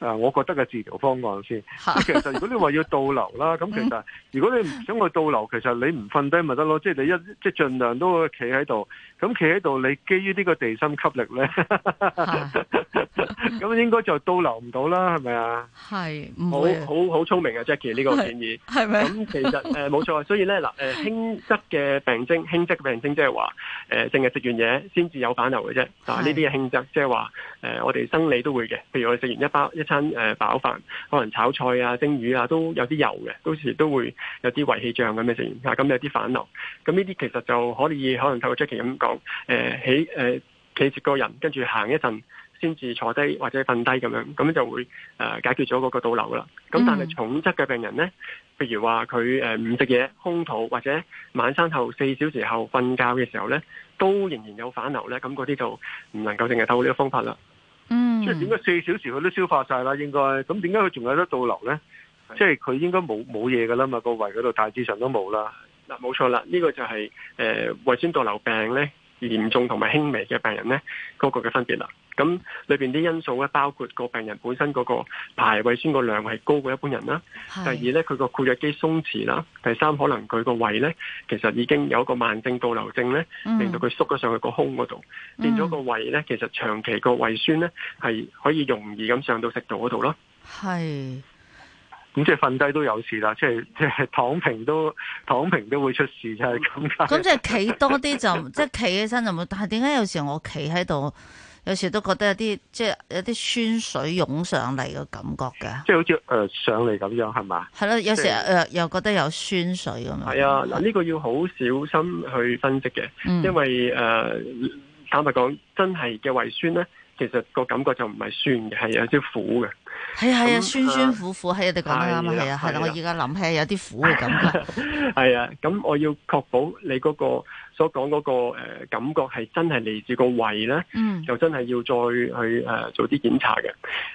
啊、呃，我覺得嘅治療方案先。啊、其實如果你話要倒流啦，咁 [laughs] 其實如果你唔想佢倒流， [laughs] 其實你唔瞓低咪得咯。即係你一即係儘量都會企喺度，咁企喺度，你基於呢個地心吸力咧，咁 [laughs] [laughs] [laughs] 應該就倒流唔到啦，係咪啊？係，好好好聰明啊，Jackie 呢個建議。係咪？咁其實誒冇、呃、錯，所以咧嗱誒輕質嘅病徵，輕質嘅病徵即係話誒，淨係食完嘢先至有反流嘅啫。啊，呢啲嘅輕質即係話誒，我哋生理都會嘅，譬如我哋食完一包餐誒飽飯，可能炒菜啊、蒸魚啊，都有啲油嘅，到時都會有啲胃氣脹咁嘅食完吓，咁、啊、有啲反流。咁呢啲其實就可以可能透過 Jacky 咁講，誒、呃、起誒企住個人，跟住行一陣，先至坐低或者瞓低咁樣，咁就會誒、呃、解決咗嗰個倒流啦。咁但係重質嘅病人咧，譬如話佢誒唔食嘢、空肚或者晚餐後四小時後瞓覺嘅時候咧，都仍然有反流咧，咁嗰啲就唔能夠淨係透過呢個方法啦。即係點解四小時佢都消化晒啦？應該咁，點解佢仲有得倒流呢？即係佢應該冇冇嘢㗎啦嘛，個胃嗰度大致上都冇啦。嗱，冇錯啦，呢個就係誒胃酸倒流病呢。嚴重同埋輕微嘅病人呢，嗰個嘅分別啦。咁裏邊啲因素呢，包括個病人本身嗰個排胃酸個量係高過一般人啦。是第二呢，佢個括約肌鬆弛啦。第三，可能佢個胃呢，其實已經有一個慢性倒流症呢，令到佢縮咗上去個胸嗰度，變咗、嗯、個胃呢，其實長期個胃酸呢，係可以容易咁上到食道嗰度咯。係。咁即係瞓低都有事啦，即係即係躺平都躺平都會出事，就係咁。咁即係企多啲就即係企起身就冇，但係點解有時我企喺度，有時都覺得有啲即係有啲酸水湧上嚟嘅感覺嘅。即係好似誒、呃、上嚟咁樣係嘛？係咯，啊就是、有時誒又覺得有酸水咁樣。係啊，嗱呢個要好小心去分析嘅，嗯、因為誒、呃、坦白講真係嘅胃酸咧。其實個感覺就唔係酸嘅，係有啲苦嘅。係係啊，酸酸苦苦，係啊，你講得啱啊，係啊，係啦。我而家諗起有啲苦嘅感覺。係啊，咁我要確保你嗰個所講嗰個誒感覺係真係嚟自個胃咧，就真係要再去誒做啲檢查嘅。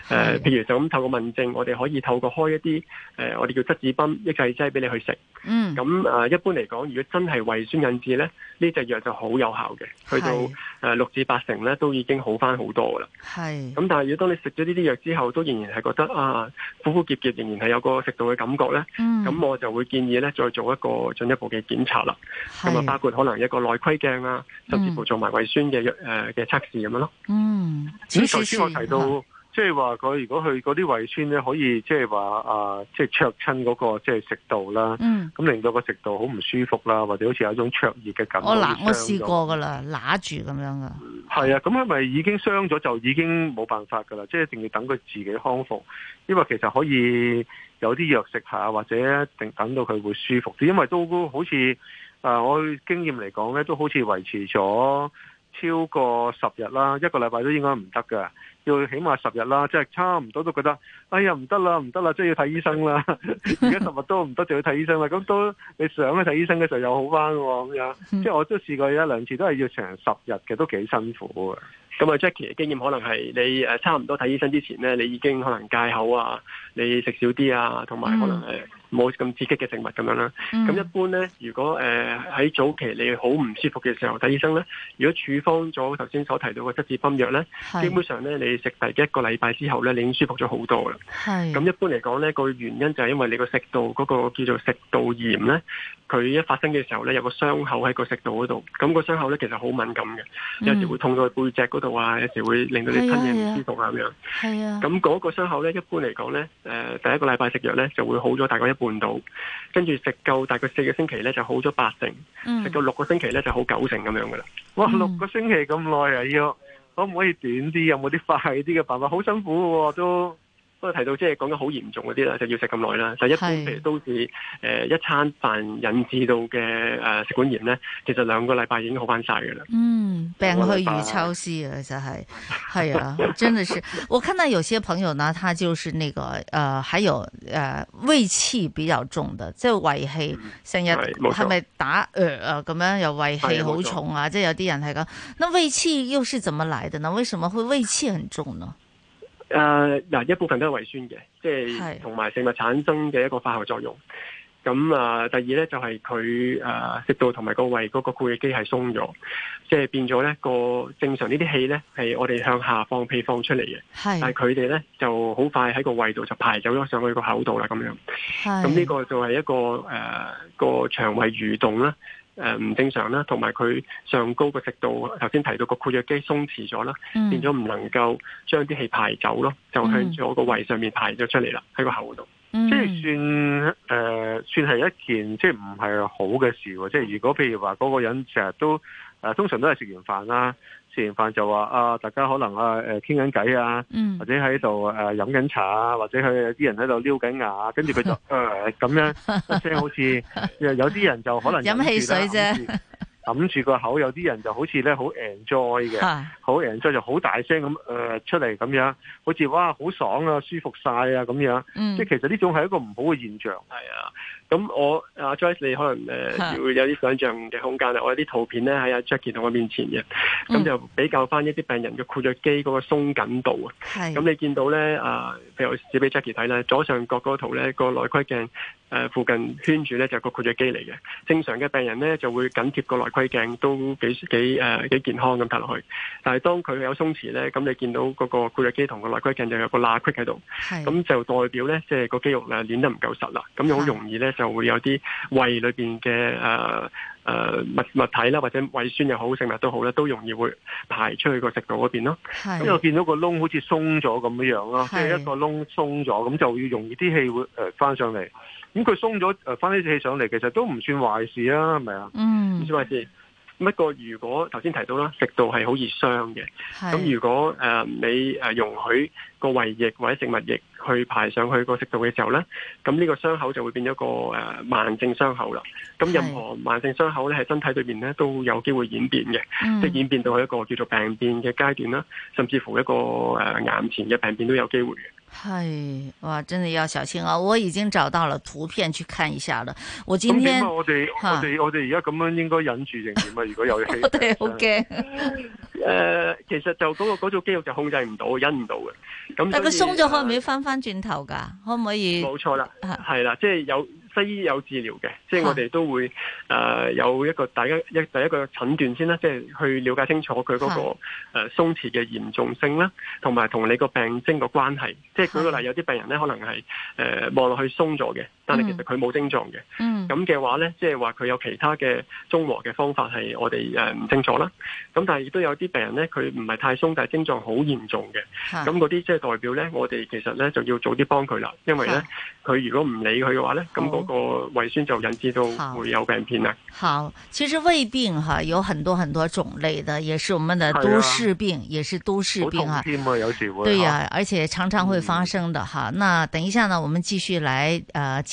誒，譬如就咁透過問症，我哋可以透過開一啲誒，我哋叫質子泵抑制劑俾你去食。嗯。咁誒，一般嚟講，如果真係胃酸引致咧，呢隻藥就好有效嘅，去到。誒六至八成咧都已經好翻好多噶啦，咁是但係如果當你食咗呢啲藥之後，都仍然係覺得啊，苦苦澀澀，仍然係有個食道嘅感覺咧，咁、嗯、我就會建議咧再做一個進一步嘅檢查啦。咁啊是，包括可能一個內窺鏡啊，甚至乎、嗯、做埋胃酸嘅藥嘅測試咁樣咯。嗯，即係頭、嗯、先我提到。瘋瘋即係話佢如果佢嗰啲胃酸咧，可以即係話啊，即係灼親嗰個即係食道啦。嗯，咁令到個食道好唔舒服啦，或者好似有一種灼熱嘅感覺。我嗱，我試過噶啦，攋住咁樣噶。係啊，咁係咪已經傷咗就已經冇辦法噶啦？即係一定要等佢自己康復。因為其實可以有啲藥食下，或者等等到佢會舒服啲。因為都好似啊、呃，我經驗嚟講咧，都好似維持咗。超過十日啦，一個禮拜都應該唔得㗎，要起碼十日啦，即係差唔多都覺得，哎呀唔得啦，唔得啦，即係要睇醫生啦。而家十日都唔得，就要睇醫生啦。咁都你上去睇醫生嘅時候又好翻喎，咁樣，即係我都試過一兩次都，都係要成十日嘅，都幾辛苦咁啊、嗯、Jackie 嘅經驗可能係你誒差唔多睇醫生之前呢，你已經可能戒口啊，你食少啲啊，同埋可能係。嗯冇咁刺激嘅食物咁樣啦。咁一般咧，如果誒喺早期你好唔舒服嘅時候睇醫生咧，如果處方咗頭先所提到嘅質子泵藥咧，基本上咧你食第一個禮拜之後咧，你已經舒服咗好多啦。係。咁一般嚟講咧，個原因就係因為你個食道嗰個叫做食道炎咧，佢一發生嘅時候咧，有個傷口喺個食道嗰度，咁個傷口咧其實好敏感嘅，有時會痛到背脊嗰度啊，有時會令到你吞嘢唔舒服啊咁樣。係啊。咁嗰個傷口咧，一般嚟講咧，誒第一個禮拜食藥咧就會好咗，大概一。換到，跟住食夠大概四個星期咧，就好咗八成；食夠、嗯、六個星期咧，就好九成咁樣㗎喇。哇！六個星期咁耐啊，要可唔可以短啲？有冇啲快啲嘅辦法？好辛苦喎、啊，都。不過提到即係講得好嚴重嗰啲啦，就要食咁耐啦。就是、一般都是誒一餐飯引致到嘅誒食管炎咧，其實兩個禮拜已經好翻晒嘅啦。嗯，病去如抽絲啊，真係係啊，真的是。我看到有些朋友呢，他就是那個誒、呃，還有誒、呃、胃氣比較重的，即係胃氣成日係咪打藥啊咁樣，又胃氣好重啊。即係錯有啲人係咁。那胃氣又是怎麼來的呢？為什麼會胃氣很重呢？誒、嗱、uh, 一部分都係胃酸嘅，即係同埋食物產生嘅一個化學作用。咁啊是、嗯，第二咧就係佢誒食道同埋個胃嗰個括約肌係鬆咗，即係變咗咧、那個正常氣呢啲氣咧係我哋向下放屁放出嚟嘅，是但係佢哋咧就好快喺個胃度就排走咗上去個口度啦，咁樣。咁呢是、嗯這個就係一個誒、呃、個腸胃蠕動啦。誒唔、呃、正常啦，同埋佢上高嘅直度頭先提到個括約肌鬆弛咗啦，嗯、變咗唔能夠將啲氣排走咯，就向左個胃上面排咗出嚟啦，喺個喉度、嗯呃，即係算誒算係一件即係唔係好嘅事喎。即係如果譬如話嗰個人成日都、啊、通常都係食完飯啦。食完飯就話啊， [music] 嗯、大家可能啊誒傾緊偈啊，或者喺度誒飲緊茶啊，或者佢有啲人喺度撩緊牙，跟住佢就誒、呃、咁 [laughs] 樣一聲，好似有啲人就可能飲汽水啫，揞住個口，有啲人就好似咧好 enjoy 嘅，好 enjoy 就好大聲咁誒出嚟咁樣，好似哇好爽啊，舒服晒啊咁樣，即係、嗯、其實呢種係一個唔好嘅現象。係啊。咁我阿、啊、Joyce 你可能誒會、呃、有啲想像嘅空間啦，的我有啲圖片咧喺、啊、阿 Jackie 同我面前嘅，咁、嗯、就比較翻一啲病人嘅括約肌嗰個鬆緊度啊。咁的你見到咧啊，譬、呃、如我指俾 Jackie 睇咧，左上角嗰圖咧個內窺鏡。誒附近圈住咧就個括約肌嚟嘅，正常嘅病人咧就會緊貼個內窺鏡都幾幾誒幾健康咁睇落去，但係當佢有鬆弛咧，咁你見到嗰個括約肌同個內窺鏡就有個罅隙喺度，咁是就代表咧即係個肌肉咧練得唔夠實啦，咁好容易咧就會有啲胃裏邊嘅誒誒物物體啦，或者胃酸又好，食物都好咧，都容易會排出去個食道嗰邊咯。咁就是見到個窿好似鬆咗咁樣樣咯，即係是一個窿鬆咗，咁就要容易啲氣會誒翻上嚟。咁佢鬆咗誒翻啲氣上嚟，其實都唔算壞事啊，係咪啊？唔算壞事。不過如果頭先提到啦，食道係好易傷嘅。咁如果誒你誒容許個胃液或者食物液去排上去個食道嘅時候咧，咁呢個傷口就會變咗個誒慢性傷口啦。咁任何慢性傷口咧喺身體裏邊咧都有機會演變嘅，即係演變到一個叫做病變嘅階段啦，甚至乎一個誒癌前嘅病變都有機會嘅。係哇，真係要小心啊！我已經找到了圖片，去看一下了。我今天、啊、我哋、啊、我哋我哋而家咁樣應該忍住定點啊！如果有氣， [laughs] 我哋好驚。誒、呃，其實就嗰、那個嗰肌肉就控制唔到，忍唔到嘅。咁但係佢鬆咗可唔可以翻翻轉頭噶？啊、可唔可以？冇錯啦，係啦、啊，即係有。西醫有治療嘅，即係我哋都會誒、呃、有一個大家一第一個診斷先啦，即係去了解清楚佢嗰個誒鬆弛嘅嚴重性啦，同埋同你個病徵個關係。即係舉個例，有啲病人咧可能係誒望落去鬆咗嘅。但係其實佢冇症狀嘅，咁嘅、嗯嗯、話咧，即係話佢有其他嘅中和嘅方法係我哋誒唔清楚啦。咁但係亦都有啲病人咧，佢唔係太鬆，但係症狀好嚴重嘅。咁嗰啲即係代表咧，我哋其實咧就要早啲幫佢啦，因為咧佢如果唔理佢嘅話咧，咁嗰、啊、個胃酸就引致到會有病變啦、哦。好，其實胃病嚇、啊、有很多很多種類嘅，也是我們的都市病，是啊、也是都市病啊。好痛、啊、有時會。對呀、啊，啊、而且常常會發生的哈、嗯。那等一下呢，我們繼續來誒。呃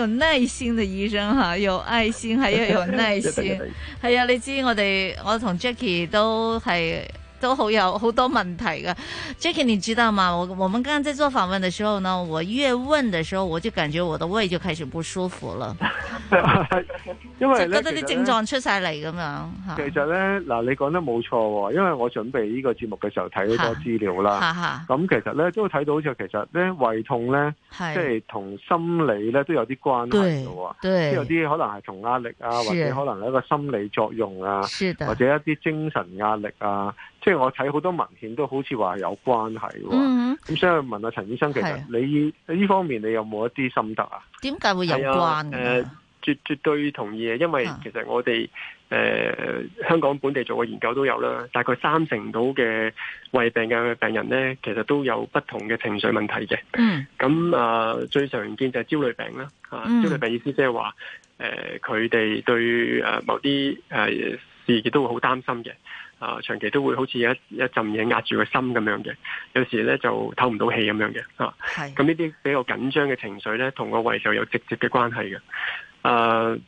有耐心的醫生哈，有愛心，還要有耐心，係 [laughs] 啊！你知我哋，我同 Jackie 都係。都好有好多問題噶，Jackie 你知道嗎？我我們剛剛在做訪問的時候呢，我越問的時候，我就感覺我的胃就開始不舒服了 [laughs] 因為呢就覺得啲症狀出晒嚟咁樣。其實呢，嗱你講得冇錯，哦，因為我準備呢個節目嘅時候睇好多資料啦。咁、嗯、其實呢，都睇到好其實呢胃痛呢，即係同心理呢都有啲關係嘅對。即有啲可能係同壓力啊，是或者可能係一個心理作用啊，是的或者一啲精神壓力啊。即係我睇好多文獻都好似話有關係喎、啊，咁所以問下、啊、陳醫生，啊、其實你呢方面你有冇一啲心得啊？點解會有關？誒、啊呃，絕絕對同意嘅，因為其實我哋誒、呃、香港本地做嘅研究都有啦，大概三成到嘅胃病嘅病人咧，其實都有不同嘅情緒問題嘅。嗯。咁啊、呃，最常見就係焦慮病啦。啊，焦慮病意思即係話，誒、呃，佢哋對誒某啲誒、呃、事件都會好擔心嘅。啊、呃，長期都會好似有一一陣嘢壓住個心咁樣嘅，有時咧就透唔到氣咁樣嘅啊。係。咁呢啲比較緊張嘅情緒咧，同個胃就有直接嘅關係嘅。誒、呃，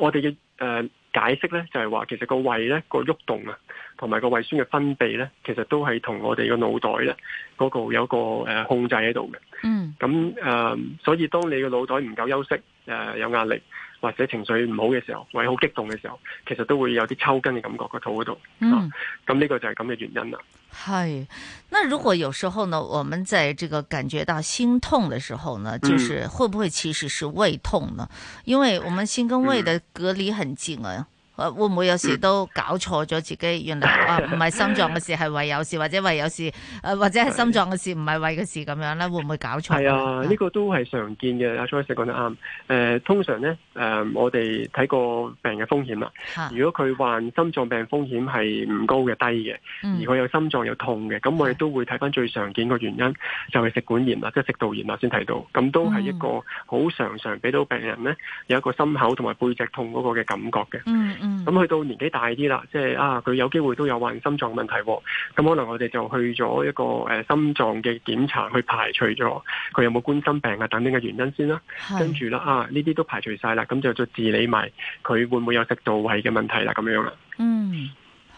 我哋嘅、呃、解釋咧，就係、是、話其實個胃咧個喐動啊，同埋個胃酸嘅分泌咧，其實都係同我哋嘅腦袋咧嗰、那個有個控制喺度嘅。嗯。咁誒、呃，所以當你嘅腦袋唔夠休息，誒、呃、有壓力，或者情緒唔好嘅時候，胃好激動嘅時候，其實都會有啲抽筋嘅感覺、那個肚嗰度、嗯、啊，咁呢個就係咁嘅原因啦。係，那如果有時候呢，我們在這個感覺到心痛嘅時候呢，就是會唔會其實是胃痛呢？嗯、因為我們心跟胃的隔離很近啊。嗯嗯。會會唔會有時都搞錯咗自己？原來唔係心臟嘅事，事，係胃 [laughs] 有事，或者胃有事或者係心臟嘅事，唔係胃嘅事咁樣咧？會唔會搞錯？係啊，呢、這個都係常見嘅。阿初先生講得啱。通常咧、啊、我哋睇過病嘅風險啦，如果佢患心臟病風險係唔高嘅、低嘅，而佢有心臟有痛嘅，咁、嗯、我哋都會睇翻最常見嘅原因，是就係食管炎啦，即、就、係、是、食道炎啦，先提到。咁都係一個好常常俾到病人咧有一個心口同埋背脊痛嗰個嘅感覺嘅、嗯。嗯。咁、嗯嗯、去到年紀大啲啦，即係啊，佢有機會都有患心臟問題，哦，咁、嗯、可能我哋就去咗一個誒、呃、心臟嘅檢查，去排除咗佢有冇冠心病啊等等嘅原因先啦，嘿跟住啦啊呢啲都排除晒啦，咁就再治理埋佢會唔會有食道位嘅問題啦，咁樣啦。嗯，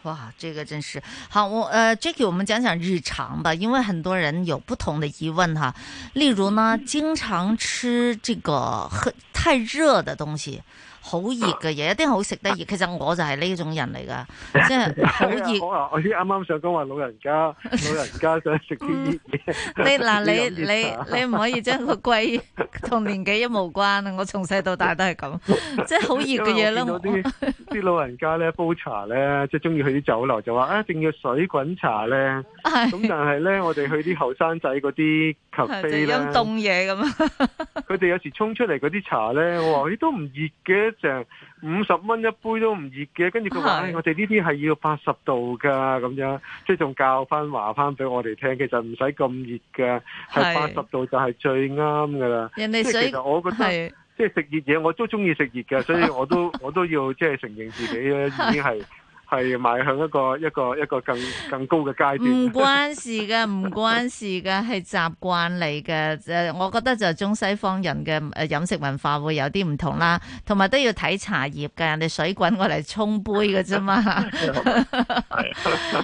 哇，這個真是好，我誒、呃、Jacky，我們講講日常吧，因為很多人有不同的疑問哈，例如呢，經常吃這個太熱的東西。好熱嘅嘢，有啲好食得熱。其實我就係呢種人嚟噶，即係好熱。我我我啱啱想講話老人家，老人家想食啲熱嘢。你嗱你你你唔可以將個龜同年紀一無關啊！我從細到大都係咁，即係好熱嘅嘢咯。啲啲老人家咧煲茶咧，即係中意去啲酒樓就話啊，一定要水滾茶咧。咁但係咧，我哋去啲後生仔嗰啲咖啡咧，就飲凍嘢咁。佢哋有時沖出嚟嗰啲茶咧，我話咦都唔熱嘅。成五十蚊一杯都唔熱嘅，跟住佢話：是的 我哋呢啲係要八十度噶，咁樣即係仲教翻話翻俾我哋聽。其實唔使咁熱噶，係八十度就係最啱噶啦。家其實我覺得，即係食熱嘢我都中意食熱嘅，所以我都我都要即係承認自己咧已經係。 [laughs] 係邁向一個一個一個更更高嘅階段。唔關事嘅，唔關事嘅，係習慣嚟嘅。誒，我覺得就中西方人嘅誒飲食文化會有啲唔同啦，同埋都要睇茶葉嘅，人哋水滾過嚟沖杯嘅啫嘛。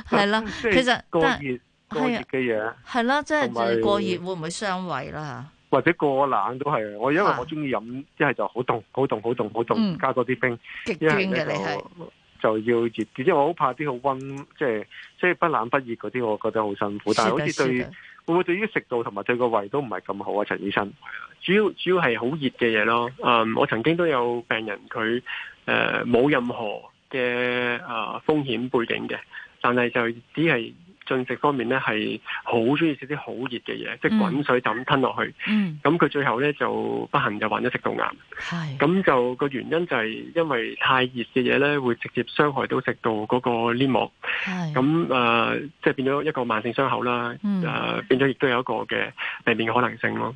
係啦，其實過熱過熱嘅嘢。係啦，即係過熱會唔會傷胃啦？或者過冷都係。我因為我中意飲，即係就好凍，好凍，好凍，好凍，加多啲冰。極端嘅你係。就要熱，而且我好怕啲好温，即係即係不冷不熱嗰啲，我覺得好辛苦。但係好似對，會唔會對於食道同埋對個胃都唔係咁好啊？陳醫生，主要主要係好熱嘅嘢咯。嗯、um,，我曾經都有病人佢誒冇任何嘅啊、呃、風險背景嘅，但係就只係。進食方面咧，係好中意食啲好熱嘅嘢，嗯、即係滾水咁吞落去。咁佢、嗯、最後咧就不幸就患咗食道癌。咁是就個原因就係因為太熱嘅嘢咧，會直接傷害到食道嗰個黏膜。咁誒是，即係、呃就是、變咗一個慢性傷口啦。誒、嗯呃，變咗亦都有一個嘅病變嘅可能性咯。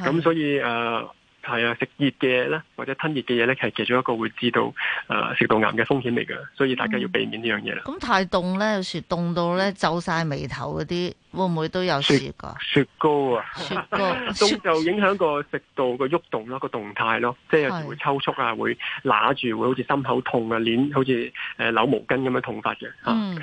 咁是所以誒。呃係啊，食熱嘅嘢咧，或者吞熱嘅嘢咧，係其中一個會知道誒食道癌嘅風險嚟噶，所以大家要避免這、嗯嗯、呢樣嘢啦。咁太凍咧，有時凍到咧皺晒眉頭嗰啲，會唔會都有試過？雪糕啊，雪糕凍 [laughs] 冬雪就影響個食道個喐動咯，個動態咯，即係、嗯、會抽搐啊，會揦住，會好似心口痛啊，連好似誒扭毛巾咁樣痛法嘅、啊。嗯。咁呢、嗯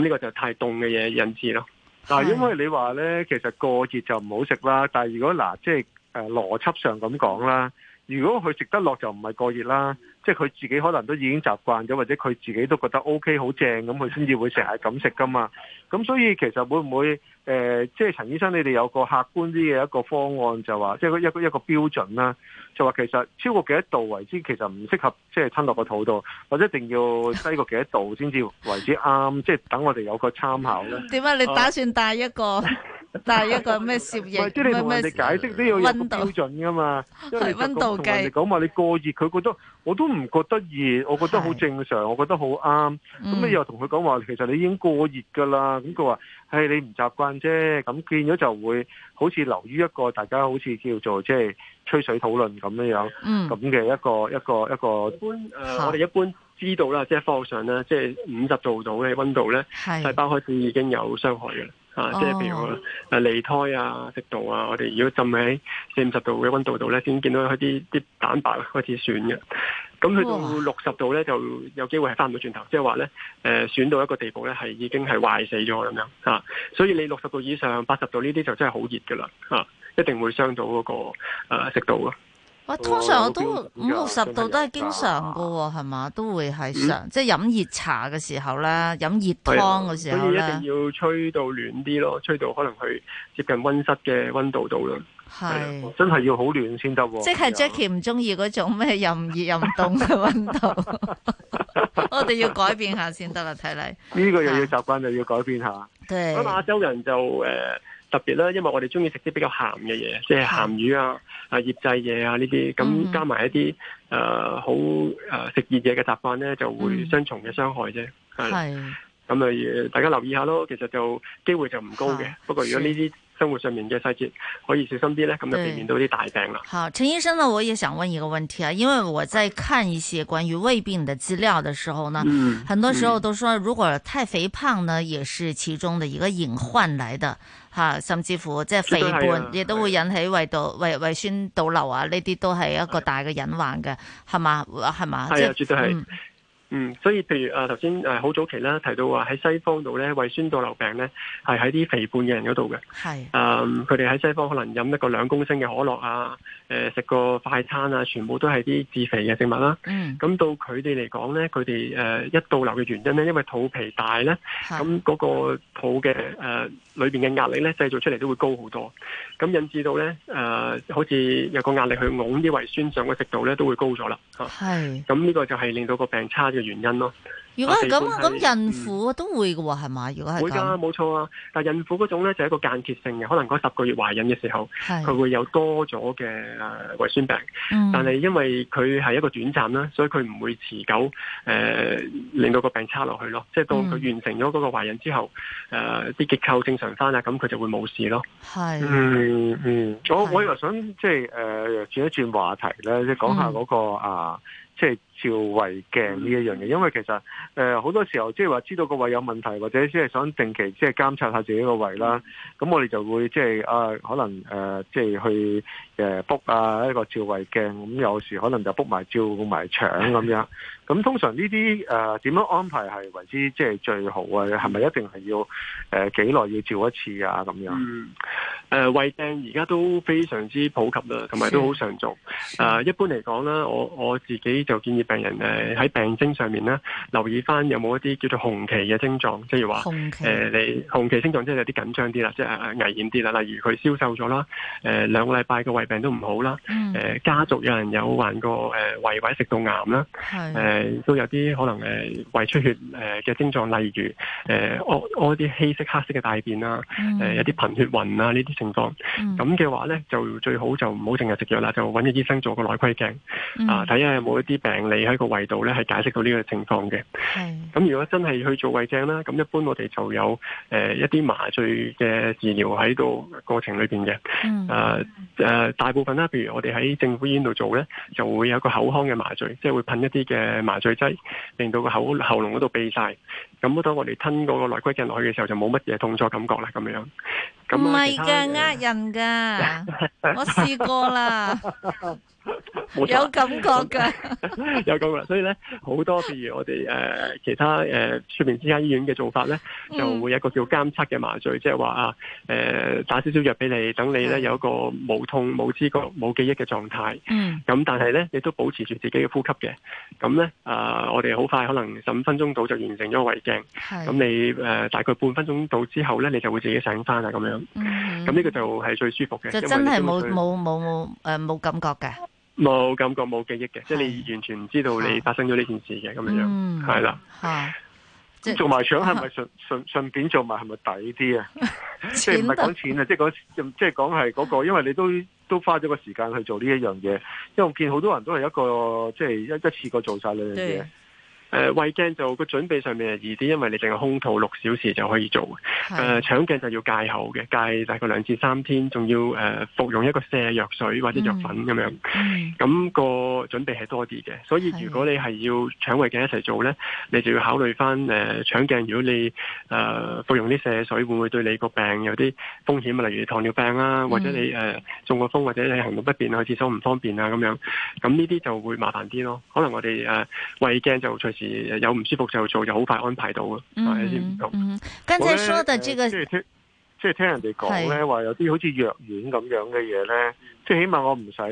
嗯這個就太凍嘅嘢引致咯。嗱的，因為你話咧，其實過熱就唔好食啦，但係如果嗱、呃，即係。誒、呃、邏輯上咁講啦，如果佢食得落就唔係過熱啦，即係佢自己可能都已經習慣咗，或者佢自己都覺得 OK 好正咁，佢先至會成日咁食噶嘛。咁所以其實會唔會誒、呃，即係陳醫生你哋有個客觀啲嘅一個方案就，就話即係一個一個標準啦。就話其實超過幾多度為之，其實唔適合即係、就是、吞落個肚度，或者一定要低過幾多度先至為之啱，即係等我哋有個參考嘅。點解？你打算帶一個帶 [laughs] 一個咩攝影？即係、就是、你解釋都要溫度標準噶嘛？溫度計。同人哋講你，你過熱佢覺得。我都唔覺得熱，我覺得好正常，是我覺得好啱。咁、嗯、你又同佢講話，其實你已經過熱噶啦。咁佢話：係你唔習慣啫。咁見咗就會好似流於一個大家好似叫做即係、就是、吹水討論咁樣樣，咁嘅一個一個一個。我哋一般知道啦，即、就、係、是、科學上咧，即係五十度度嘅溫度咧，細胞開始已經有傷害嘅。啊，即係譬如誒，脷苔啊，食道啊，我哋如果浸喺四五十度嘅温度度咧，先見到佢啲啲蛋白開始損嘅，咁去到六十度咧，就有機會係翻唔到轉頭，即係話咧，誒，損到一個地步咧，係已經係壞死咗咁樣，吓，所以你六十度以上、八十度呢啲就真係好熱噶啦，吓，一定會傷到嗰個誒食道咯。我通常我都五六十度都係經常嘅喎，係嘛？都會係常，即係飲熱茶嘅時候咧，飲熱湯嘅時候一定要吹到暖啲咯，吹到可能去接近溫室嘅温度度咯。係，真係要好暖先得。即係 Jackie 唔中意嗰種咩又唔熱又唔凍嘅温度，我哋要改變下先得啦，睇嚟。呢個又要習慣又要改變下。對，咁亞洲人就誒。特別啦，因為我哋中意食啲比較鹹嘅嘢，即係鹹魚啊、好啊醃製嘢啊呢啲，咁加埋一啲誒、嗯呃、好誒、呃、食熱嘢嘅習慣呢，就會雙重嘅傷害啫。係咁啊，大家留意下咯。其實就機會就唔高嘅，好不過如果呢啲生活上面嘅細節可以小心啲咧，咁是就避免到啲大病啦。好，陳醫生呢，我也想問一個問題啊，因為我在看一些關於胃病的資料的時候呢，嗯、很多時候都說如果太肥胖呢，也是其中的一個隱患嚟嘅。啊，甚至乎即係肥胖，亦都會引起胃倒胃胃酸倒流啊，呢啲都係一個大嘅隱患嘅，係嘛？係嘛？係啊，絕對係。嗯，所以譬如啊，頭先誒好早期啦，提到話喺西方度咧胃酸倒流病咧係喺啲肥胖嘅人嗰度嘅。係，嗯，佢哋喺西方可能飲一個兩公升嘅可樂啊，誒食個快餐啊，全部都係啲致肥嘅食物啦。嗯，咁到佢哋嚟講咧，佢哋誒一倒流嘅原因咧，因為肚皮大咧，咁嗰個肚嘅誒。裏邊嘅壓力咧製造出嚟都會高好多，咁引致到咧誒、呃、好似有個壓力去攏啲胃酸上嘅食道咧都會高咗啦嚇，咁呢是、啊、個就係令到個病差嘅原因咯。如果係咁，咁孕婦都會嘅喎，係嘛、嗯？如果係會㗎，冇錯啊！但係孕婦嗰種咧就係一個間歇性嘅，可能嗰十個月懷孕嘅時候，佢是會有多咗嘅誒胃酸病。嗯、但係因為佢係一個短暫啦，所以佢唔會持久誒、呃、令到個病差落去咯。即係到佢完成咗嗰個懷孕之後，誒、呃、啲結構正常翻啦，咁佢就會冇事咯。係是嗯嗯，我我以為想即係誒、呃、轉一轉話題咧，即係講下嗰、那個、嗯、啊，即係。照胃鏡呢一樣嘢，因為其實誒好、呃、多時候即係話知道個胃有問題，或者即係想定期即係、就是、監察下自己個胃啦。咁、嗯、我哋就會即係啊，可能誒即係去誒 book、呃呃、啊一個照胃鏡。咁、嗯、有時可能就 book 埋照埋腸咁樣。咁通常呢啲誒點樣安排係為之即係、就是、最好啊？係咪一定係要誒幾耐要照一次啊？咁樣。嗯。誒胃鏡而家都非常之普及啦，同埋都好常做。誒、啊、一般嚟講咧，我我自己就建議，病人誒喺病徵上面咧，留意翻有冇一啲叫做紅旗嘅症狀，即係話誒你紅旗、呃、你紅旗症狀即係有啲緊張啲啦，即、就、係、是、危險啲啦。例如佢消瘦咗啦，誒、呃、兩個禮拜個胃病都唔好啦，誒、呃、家族有人有患過誒胃胃食道癌啦，誒、嗯呃、都有啲可能誒、呃、胃出血誒嘅症狀，例如誒屙屙啲稀色、黑色嘅大便啦，誒有啲貧血暈啊呢啲情況，咁嘅、嗯、話咧就最好就唔好淨係食藥啦，就揾個醫生做個內窺鏡啊，睇、呃、下有冇一啲病理。喺個胃度咧，係解釋到呢個情況嘅。係咁，如果真係去做胃鏡啦，咁一般我哋就有誒一啲麻醉嘅治療喺度過程裏邊嘅。嗯。誒誒，大部分咧，譬如我哋喺政府醫院度做咧，就會有個口腔嘅麻醉，即係會噴一啲嘅麻醉劑，令到個口喉嚨嗰度痹晒。咁當我哋吞嗰個內窺鏡落去嘅時候，就冇乜嘢痛楚感覺啦，咁樣。唔係嘅，呃人噶，我試過啦。有感覺㗎，有感覺，所以咧好多，譬如我哋誒其他誒出面私家醫院嘅做法咧，就會有一個叫監測嘅麻醉，即係話啊誒打少少藥俾你，等你咧有一個冇痛冇知覺冇記憶嘅狀態。咁但係咧你都保持住自己嘅呼吸嘅，咁咧啊我哋好快可能十五分鐘到就完成咗個胃鏡。咁你誒大概半分鐘到之後咧，你就會自己醒翻啦，咁樣。咁呢個就係最舒服嘅，就真係冇冇冇冇誒冇感覺嘅。冇感覺冇記憶嘅，是的即係你完全唔知道你發生咗呢件事嘅咁樣樣，係啦。咁做埋腸係咪順順順便做埋係咪抵啲啊？即係唔係講錢啊？即係講即係講係嗰個，因為你都都花咗個時間去做呢一樣嘢。因為我見好多人都係一個即係一一次過做晒兩樣嘢。誒、呃，胃鏡就個準備上面係易啲，因為你淨係空肚六小時就可以做。誒是，腸鏡、呃、就要戒口嘅，戒大概兩至三天，仲要誒、呃、服用一個瀉藥水或者藥粉咁樣。咁、嗯、個準備係多啲嘅，所以如果你係要腸胃鏡一齊做咧，是你就要考慮翻誒腸鏡。呃、如果你誒、呃、服用啲瀉水，會唔會對你個病有啲風險？例如糖尿病啊，嗯、或者你誒、呃、中個風或者你行動不便啊，去廁所唔方便啊咁樣。咁呢啲就會麻煩啲咯。可能我哋誒、呃、胃鏡就隨時有唔舒服就做，又很就好快安排到啊！嗯，是不嗯，嗯，呢嗯。剛才說的這個，即係聽即係、嗯、聽，聽人哋講咧，話是有啲好似藥丸咁樣嘅嘢咧，即、就、係、是、起碼我唔使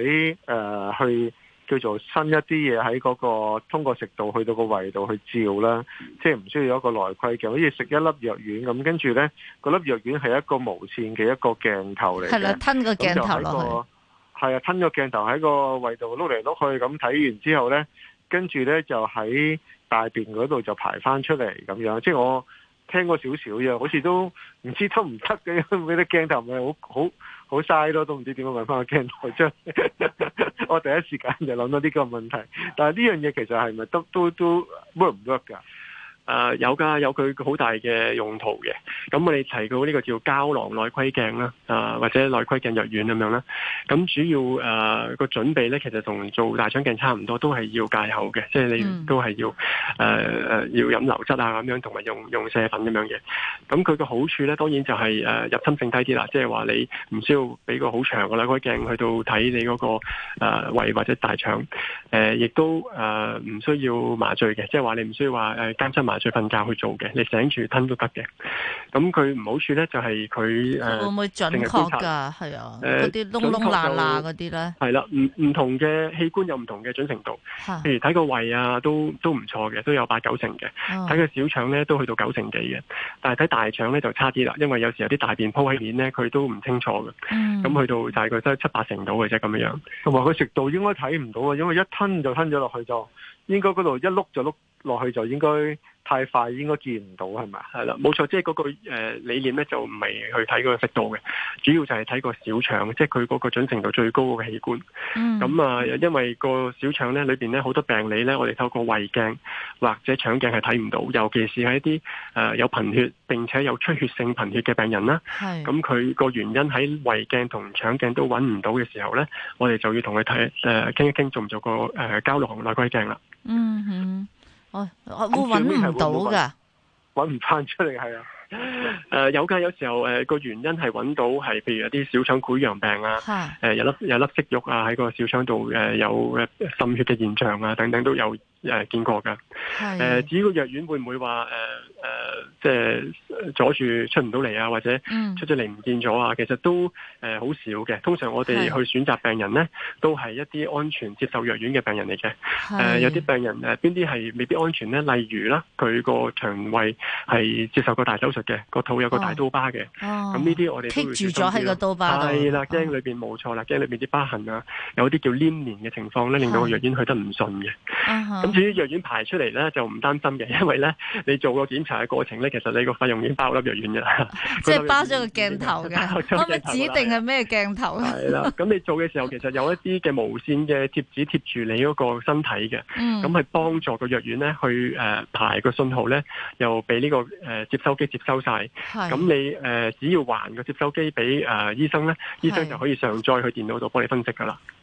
誒去叫做伸一啲嘢喺嗰個通過食道去到個胃度去照啦，即係唔需要有一個內窺鏡，好似食一粒藥丸咁，跟住咧、那個粒藥丸係一個無線嘅一個鏡頭嚟嘅，係啦，吞個鏡頭咯，係啊去，吞個鏡頭喺個胃度碌嚟碌去咁睇完之後咧，跟住咧就喺。大便嗰度就排翻出嚟咁樣，即係我聽過少少嘅，好似都唔知得唔得嘅，有啲鏡頭咪好好好嘥咯，都唔知點樣問翻個鏡頭出，我第一時間就諗到呢個問題，但係呢樣嘢其實係咪都都都 work 唔 work 噶？誒、呃，有噶，有佢好大嘅用途嘅。咁我哋提到呢個叫膠囊內窺鏡啦，啊、呃、或者內窺鏡藥丸咁樣啦。咁主要誒、呃、個準備咧，其實同做大腸鏡差唔多，都係要戒口嘅，即係你都係要誒誒、呃、要飲流質啊咁樣，同埋用用瀉粉咁樣嘅。咁佢嘅好處咧，當然就係誒入侵性低啲啦，即係話你唔需要俾個好長嘅內窺鏡去到睇你嗰個誒胃或者大腸。誒、呃，亦都誒唔、呃、需要麻醉嘅，即係話你唔需要話誒監測麻醉。呃瞓覺去做嘅，你醒住吞都得嘅。咁佢唔好處咧，就係佢誒，呃、會唔會準確㗎？係啊，誒的，啲窿窿罅罅嗰啲咧，係啦。唔唔同嘅器官有唔同嘅準程度。譬哈如睇個胃啊，都都唔錯嘅，都有八九成嘅。睇、哦、個小腸咧，都去到九成幾嘅。但係睇大腸咧就差啲啦，因為有時有啲大便鋪喺面咧，佢都唔清楚嘅。咁、嗯、去到大概都係七八成到嘅啫，咁樣樣。同埋佢食道應該睇唔到啊，因為一吞就吞咗落去，就應該嗰度一碌就碌。落去就應該太快應該，應該見唔到係咪？係啦，冇、就、錯、是那個，即係嗰個誒理念咧，就唔係去睇嗰個食道嘅，主要就係睇個小腸，即係佢嗰個準程度最高嘅器官。咁啊、嗯，因為個小腸咧裏邊咧好多病理咧，我哋透過胃鏡或者腸鏡係睇唔到，尤其是喺一啲誒、呃、有貧血並且有出血性貧血嘅病人啦。係咁是，佢個原因喺胃鏡同腸鏡都揾唔到嘅時候咧，我哋就要同佢睇誒，傾、呃、一傾做唔做個誒膠囊內窺鏡啦。嗯哼。我我搵唔到噶，搵唔翻出嚟係啊！誒、啊，有噶，有時候誒、呃、個原因係搵到係譬如有啲小腸潰瘍病啊，誒的、呃、有粒有粒息肉啊，喺個小腸度誒有誒滲血嘅現象啊，等等都有。誒，見過噶，誒，至於個藥丸會唔會話誒誒，即係阻住出唔到嚟啊，或者出咗嚟唔見咗啊，嗯、其實都誒好、呃、少嘅。通常我哋去選擇病人咧，都係一啲安全接受藥丸嘅病人嚟嘅。誒是、呃，有啲病人誒，邊啲係未必安全咧？例如啦，佢個腸胃係接受過大手術嘅，個、啊、肚有個大刀疤嘅。咁呢啲我哋都會注重住個刀疤。係啦，驚裏邊冇錯啦，驚裏邊啲疤痕啊，有啲叫黏連嘅情況咧，令到個藥丸去得唔順嘅。啊是、嗯嗯至於藥丸排出嚟咧，就唔擔心嘅，因為咧你做個檢查嘅過程咧，其實你個費用已經包粒藥丸噶啦，即係包咗個鏡頭嘅。咁啊、嗯，指定係咩鏡頭係啦，咁你做嘅時候其實有一啲嘅無線嘅貼紙貼住你嗰個身體嘅，咁係幫助個藥丸咧去誒排個信號咧，又俾呢個誒接收機接收晒。咁是你誒只要還個接收機俾誒醫生咧，是醫生就可以上載去電腦度幫你分析噶啦。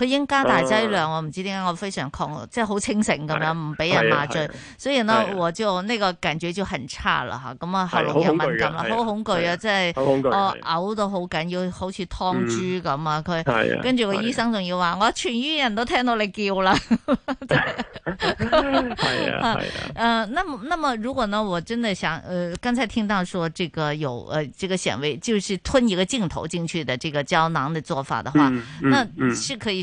佢已經加大劑量，我唔知點解我非常抗，即係好清醒咁樣，唔俾人麻醉，所以呢我就呢個感覺就很差啦嚇，咁啊喉嚨又敏感啦，好恐懼啊，即係我嘔到好緊要，好似劏豬咁啊佢，跟住個醫生仲要話我全醫院都聽到你叫啦。係啊係啊，誒，那那麼如果呢，我真的想誒，剛才聽到說這個有誒，這個顯微就是吞一個鏡頭進去的這個膠囊的做法的話，那是可以。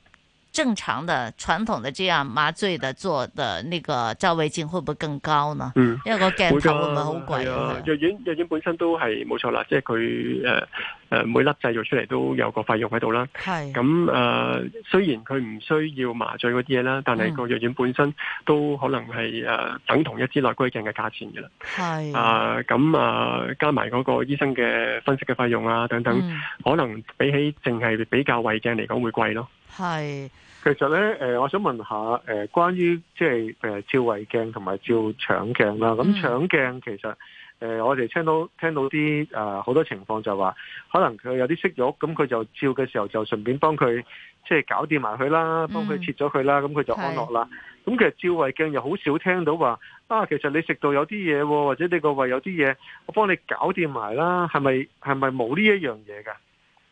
正常的、傳統的這樣麻醉的做的那個照胃鏡會唔會更高呢？嗯，因為個鏡會唔會好貴啊。藥丸藥丸本身都係冇錯啦，即係佢誒誒每粒製造出嚟都有個費用喺度啦。係是。咁誒、嗯，雖然佢唔需要麻醉嗰啲嘢啦，但係個藥丸本身都可能係誒等同一支內窺鏡嘅價錢噶啦。係。啊，咁啊，加埋嗰個醫生嘅分析嘅費用啊等等，嗯、可能比起淨係比較胃鏡嚟講會貴咯。係，是其實咧，誒、呃，我想問下，誒、呃，關於即係誒，照胃鏡同埋照腸鏡啦。咁腸鏡其實，誒、呃，我哋聽到聽到啲誒好多情況就話，可能佢有啲息肉，咁佢就照嘅時候就順便幫佢即係搞掂埋佢啦，幫佢切咗佢啦，咁佢、嗯、就安樂啦。咁是、嗯、其實照胃鏡又好少聽到話，啊，其實你食到有啲嘢、哦，或者你個胃有啲嘢，我幫你搞掂埋啦，係咪係咪冇呢一樣嘢噶？是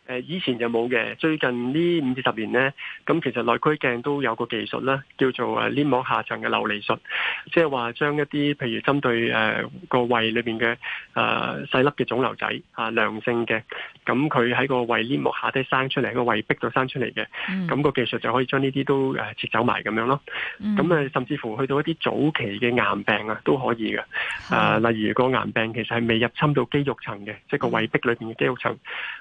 誒以前就冇嘅，最近呢五至十年咧，咁其實內窺鏡都有個技術啦，叫做誒黏膜下層嘅瘤離術，即係話將一啲譬如針對誒個胃裏邊嘅誒細粒嘅腫瘤仔啊，良性嘅，咁佢喺個胃黏膜下底生出嚟，個胃壁度生出嚟嘅，咁個技術就可以將呢啲都誒切走埋咁樣咯。咁誒甚至乎去到一啲早期嘅癌病啊，都可以嘅。啊，例如個癌病其實係未入侵到肌肉層嘅，即係個胃壁裏邊嘅肌肉層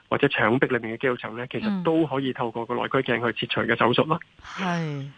或者腸壁咧。邊嘅肌肉層咧，其實都可以透過個內窺鏡去切除嘅手術咯。係、嗯，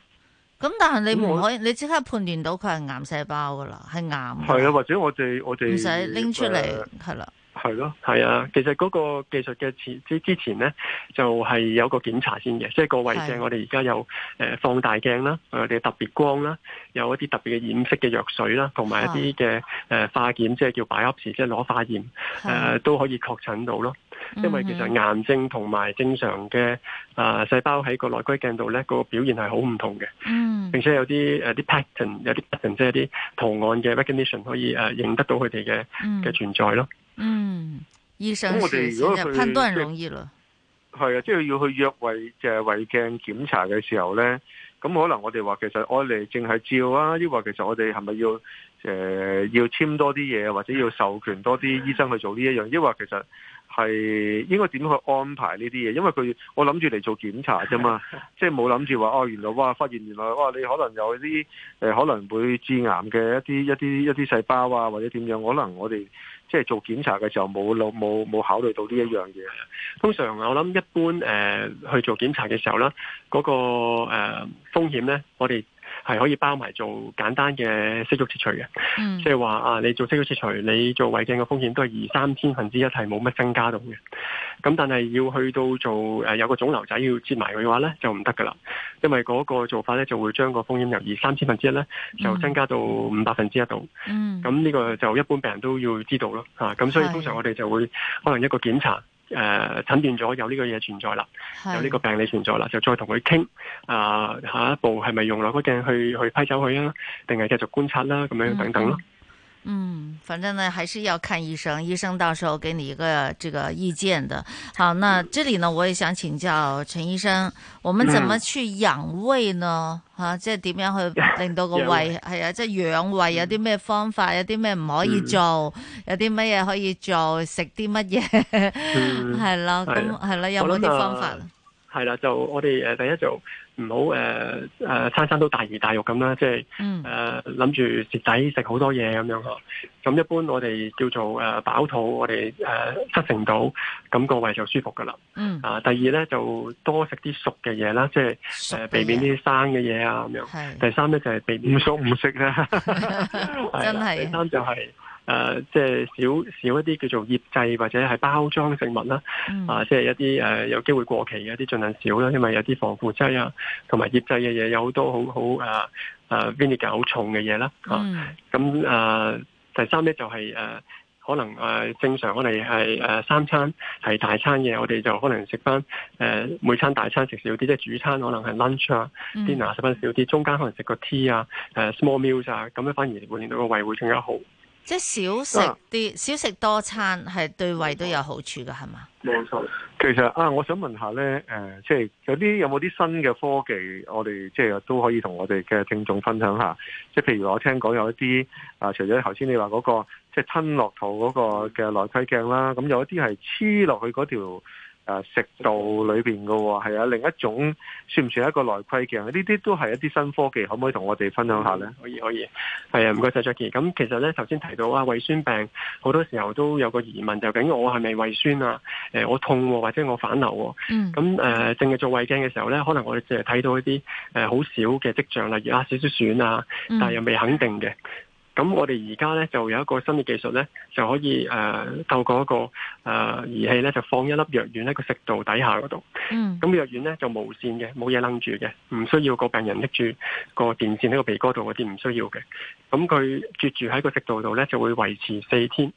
咁但係你唔可以，我你即刻判斷到佢係癌細胞噶啦，係癌。係啊，或者我哋我哋唔使拎出嚟，係啦、呃。係咯，係啊。其實嗰個技術嘅前即之前咧，就係、是、有個檢查先嘅，即、就、係、是、個胃鏡。我哋而家有誒放大鏡啦，我哋特別光啦，有一啲特別嘅染色嘅藥水啦，同埋一啲嘅誒化檢，是的即係叫 biopsy 即係攞化驗誒的、呃、都可以確診到咯。因為其實癌症同埋正常嘅啊細胞喺個內窺鏡度咧，個表現係好唔同嘅。嗯，並且有啲誒啲 pattern，有啲 pattern 即係啲圖案嘅 recognition 可以誒認得到佢哋嘅嘅存在咯。嗯，醫生，咁我哋如果去，即係判斷容易啦。係啊，即係要去約胃，就係胃鏡檢查嘅時候咧。咁可能我哋話，其實我哋淨係照啊，抑或其實我哋係咪要誒、呃、要簽多啲嘢，或者要授權多啲醫生去做呢一樣？抑或其實係應該點去安排呢啲嘢？因為佢我諗住嚟做檢查啫嘛， [laughs] 即係冇諗住話哦，原來哇，發現原來哇，你可能有啲誒、呃、可能會致癌嘅一啲一啲一啲細胞啊，或者點樣？可能我哋。即係做檢查嘅時候冇冇冇考慮到呢一樣嘢。通常我諗一般誒、呃、去做檢查嘅時候啦，嗰、那個誒、呃、風險咧，我哋。係可以包埋做簡單嘅息肉切除嘅，即係話啊，你做息肉切除，你做胃鏡嘅風險都係二三千分之一，係冇乜增加到嘅。咁但係要去到做、呃、有個腫瘤仔要切埋佢嘅話咧，就唔得噶啦，因為嗰個做法咧就會將個風險由二三千分之一咧，就增加到五百分之一度。嗯，咁呢個就一般病人都要知道咯，咁、嗯啊、所以通常我哋就會的可能一個檢查。誒、呃、診斷咗有呢個嘢存在啦，的有呢個病理存在啦，就再同佢傾啊，下一步係咪用嗰個鏡去去批走佢啊，定係繼續觀察啦，咁樣等等咯。嗯嗯，反正呢，還是要看醫生，醫生到時候給你一個這個意見的。好，那這裏呢，我也想請教陳醫生，我們怎麼去養胃呢？吓、嗯啊，即係點樣去令到個胃係、嗯、啊？即係養胃有啲咩方法？嗯、有啲咩唔可以做？嗯、有啲乜嘢可以做？食啲乜嘢？係啦、嗯，咁係啦，有冇啲方法？係啦、啊啊，就我哋、呃、第一就。唔好誒誒餐餐都大魚大肉咁啦，即係誒諗住蝕仔食好多嘢咁樣呵。咁一般我哋叫做誒飽、呃、肚，我哋誒七成到，咁個胃就舒服噶啦。嗯。啊，第二咧就多食啲熟嘅嘢啦，即係熟的、呃、避免啲生嘅嘢啊咁樣。是第三咧就係、是、避免熟唔食啦。 [laughs] 是 [laughs] 真係第三就係、是。誒，即係、呃就是、少少一啲叫做醃製或者係包裝食物啦，啊、嗯，即係、呃就是、一啲誒、呃、有機會過期嘅一啲，盡量少啦。因為有啲防腐劑啊，同埋醃製嘅嘢有好多好好 vinegar 好重嘅嘢啦。咁誒、嗯啊、第三咧就係、是、誒、呃、可能誒、呃、正常我哋係誒三餐係大餐嘅，我哋就可能食翻誒每餐大餐食少啲，即係主餐可能係 lunch 啊、dinner 食翻少啲，中間可能食個 tea 啊、誒、啊、small meals 啊，咁樣反而會令到個胃會更加好。即係少食啲，少食、啊、多餐係對胃都有好處嘅，係嘛？冇錯，錯。其實啊，我想問一下咧，誒、呃，即係有啲有冇啲新嘅科技，我哋即係都可以同我哋嘅聽眾分享一下。即係譬如我聽講有一啲啊，除咗頭先你話嗰、那個即係吞落肚嗰個嘅內窺鏡啦，咁、啊嗯、有一啲係黐落去嗰條。啊！食道裏邊嘅係啊，另一種算唔算係一個內窺鏡？呢啲都係一啲新科技，可唔可以同我哋分享下咧？可以，可以。係啊，唔該晒。卓琪。咁其實咧，頭先提到啊，胃酸病好多時候都有個疑問，究竟我係咪胃酸啊？誒、呃，我痛、啊、或者我反流、啊？嗯。咁誒，淨、呃、係做胃鏡嘅時候咧，可能我哋淨係睇到一啲誒好少嘅跡象，例如啊少少損啊，但係又未肯定嘅。嗯咁我哋而家咧就有一個新嘅技術咧，就可以誒，呃、透過一個誒儀、呃、器咧，就放一粒藥丸喺個食道底下嗰度。嗯，咁藥丸咧就無綫嘅，冇嘢掹住嘅，唔需要個病人拎住個電綫喺個鼻哥度，嗰啲唔需要嘅。咁佢啜住喺個食道度咧，就會維持四天。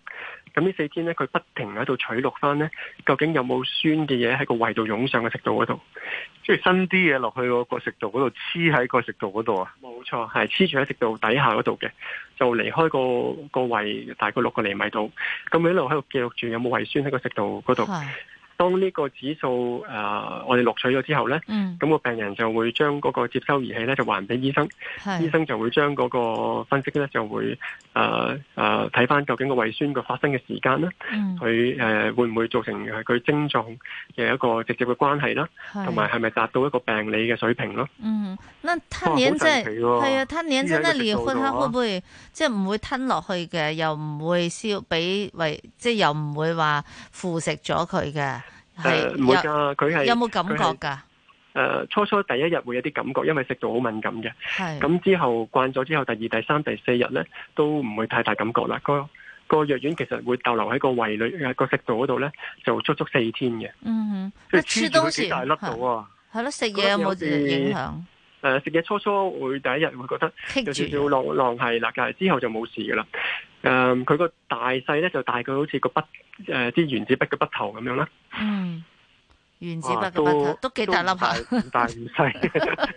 咁呢四天咧，佢不停喺度取錄翻咧，究竟有冇酸嘅嘢喺個胃度湧上嘅食道嗰度，即係新啲嘢落去個食道嗰度黐喺個食道嗰度啊？冇錯，係黐住喺食道底下嗰度嘅，就離開個個胃大概六個厘米度，咁一路喺度記錄住有冇胃酸喺個食道嗰度。當呢個指數誒、呃，我哋錄取咗之後咧，咁個、嗯、病人就會將嗰個接收儀器咧就還俾醫生，是醫生就會將嗰個分析咧就會誒誒睇翻究竟個胃酸個發生嘅時間啦，佢誒、嗯呃、會唔會造成佢症狀嘅一個直接嘅關係啦，同埋係咪達到一個病理嘅水平咯？嗯，吞嚥真係，係啊，吞嚥真係你會唔會即係唔會吞落去嘅，又唔會消俾胃，即係、就是、又唔會話腐蝕咗佢嘅？係唔、呃、會噶，佢係有冇感覺噶？誒、呃，初初第一日會有啲感覺，因為食道好敏感嘅。係咁是之後慣咗之後，第二、第三、第四日咧，都唔會太大感覺啦。個個藥丸其實會逗留喺個胃裏個食道嗰度咧，就足足四天嘅。嗯哼，即係初時幾大粒到啊？係咯、嗯，食嘢有冇影響？誒，食嘢初初會第一日會覺得有少少浪浪係啦，但係之後就冇事噶啦。誒，佢個大細咧就大概好似個筆誒，啲原子筆嘅筆頭咁樣啦。嗯，原子筆嘅筆頭都幾大粒下，都唔細，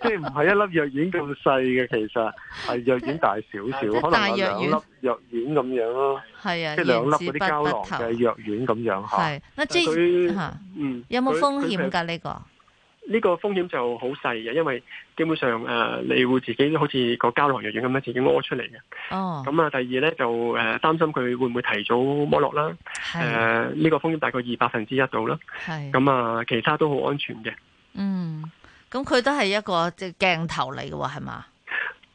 即係唔係一粒藥丸咁細嘅，其實係藥丸大少少，可能有兩粒藥丸咁樣咯。係啊，即係兩粒嗰啲膠囊嘅藥丸咁樣。係啊，即係佢。有冇風險噶呢個？呢個風險就好細嘅，因為。基本上誒、啊，你會自己好似個膠囊藥丸咁樣自己屙出嚟嘅。哦，咁啊、嗯，第二咧就誒擔心佢會唔會提早剝落啦。係，誒呢個風險大概二百分之一度啦。係的，咁啊、嗯，其他都好安全嘅。嗯，咁佢都係一個即係鏡頭嚟嘅喎，係嘛？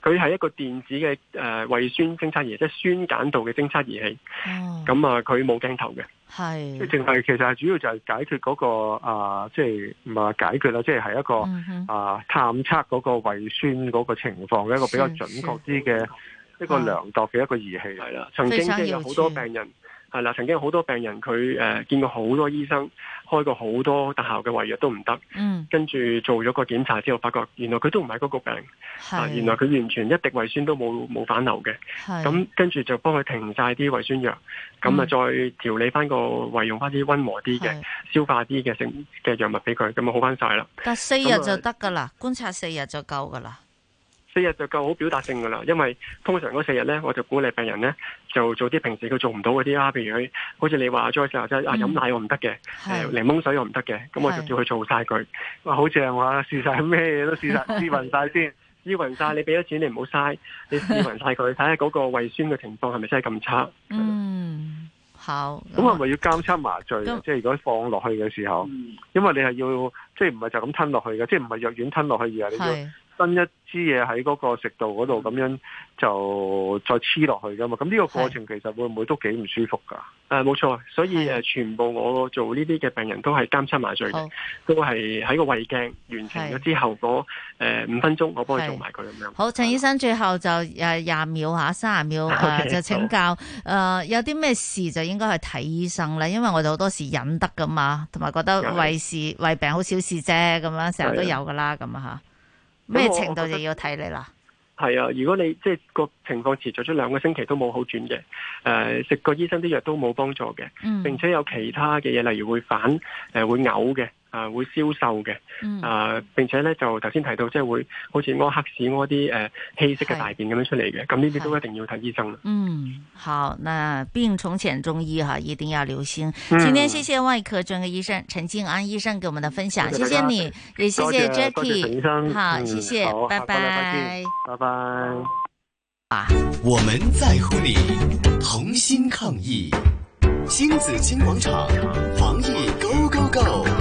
佢係一個電子嘅誒胃酸偵測儀，即係酸鹼度嘅偵測儀器。咁、哦、啊，佢冇鏡頭嘅，係的，即係淨係，其實係主要就係解決嗰、那個,、呃決個嗯、哼啊，即係唔係解決啦，即係係一個啊探測嗰個胃酸嗰個情況嘅一個比較準確啲嘅一個量度嘅一個儀器係啦。的啊、曾經即係有好多病人。係啦，曾經好多病人佢誒、呃、見過好多醫生，開過好多特效嘅胃藥都唔得。嗯，跟住做咗個檢查之後，發覺原來佢都唔係嗰個病，是呃、原來佢完全一滴胃酸都冇冇反流嘅。係，咁是跟住就幫佢停晒啲胃酸藥，咁啊、嗯、再調理翻個胃用翻啲溫和啲嘅是消化啲嘅食嘅藥物俾佢，咁啊好翻晒啦。隔四日就得㗎啦，嗯、觀察四日就夠㗎啦。四日就夠好表達性噶啦，因為通常嗰四日咧，我就鼓勵病人咧就做啲平時佢做唔到嗰啲啦。譬如佢好似你話再食下齋啊，飲、啊啊、奶我唔得嘅，檸檬水又唔得嘅，咁、嗯、我就叫佢做晒佢。話是好似我試晒咩嘢都試晒，試匀晒先，試匀晒，你俾咗錢你唔好嘥，你試匀晒佢，睇下嗰個胃酸嘅情況係咪真係咁差。嗯，好。咁係咪要監測麻醉？都即係如果放落去嘅時候，嗯、因為你係要即係唔係就咁吞落去嘅，即係唔係藥丸吞落去而係你要。分一支嘢喺嗰個食道嗰度，咁樣就再黐落去噶嘛？咁呢個過程其實會唔會都幾唔舒服噶？誒是，冇錯、啊，所以誒，全部我做呢啲嘅病人都係監測麻醉嘅，好都係喺個胃鏡完成咗之後，嗰誒五分鐘我幫佢做埋佢咁樣。好，陳醫生最後就誒廿秒吓，卅秒 okay、uh, 就請教誒，so. uh, 有啲咩事就應該去睇醫生啦，因為我哋好多時忍得噶嘛，同埋覺得胃事胃病好少事啫，咁是樣成日都有噶啦，咁啊吓。咩程度就要睇你啦。係啊、嗯，如果你即係個情況持續咗兩個星期都冇好轉嘅，誒，食過醫生啲藥都冇幫助嘅，並且有其他嘅嘢，例如會反，誒，會嘔嘅。啊，會消瘦嘅，啊，並且咧就頭先提到，即係會好似屙黑屎、屙啲誒稀色嘅大便咁樣出嚟嘅，咁呢啲都一定要睇醫生。嗯，好，那病從淺中醫哈，一定要留心。今天謝謝外科專科醫生陳敬安醫生給我們的分享，謝謝你，也謝謝 Jackie 陳醫生，好，謝謝，拜拜，拜拜。啊，我們在乎你，同心抗疫，新紫荊廣場防疫 Go Go Go。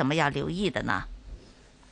怎麼要留意的呢？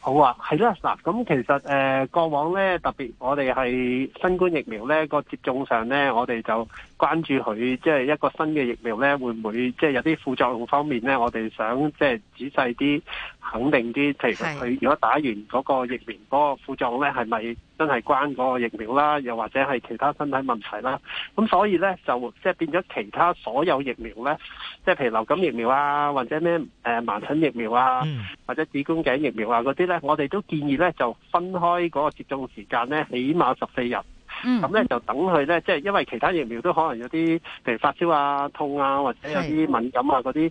好啊，係啦，嗱，咁其實誒，過往咧，特別我哋係新冠疫苗咧個接種上咧，我哋就關注佢即係一個新嘅疫苗咧，會唔會即係有啲副作用方面咧，我哋想即係仔細啲。肯定啲，譬如佢如果打完嗰個疫苗嗰個副作用咧，係咪真係關嗰個疫苗啦？又或者係其他身體問題啦？咁所以咧就即係變咗其他所有疫苗咧，即係譬如流感疫苗啊，或者咩誒麻疹疫苗啊，或者子宮頸疫苗啊嗰啲咧，我哋都建議咧就分開嗰個接種時間咧，起碼十四日。咁咧、嗯、就等佢咧，即係因為其他疫苗都可能有啲，譬如發燒啊、痛啊，或者有啲敏感啊嗰啲。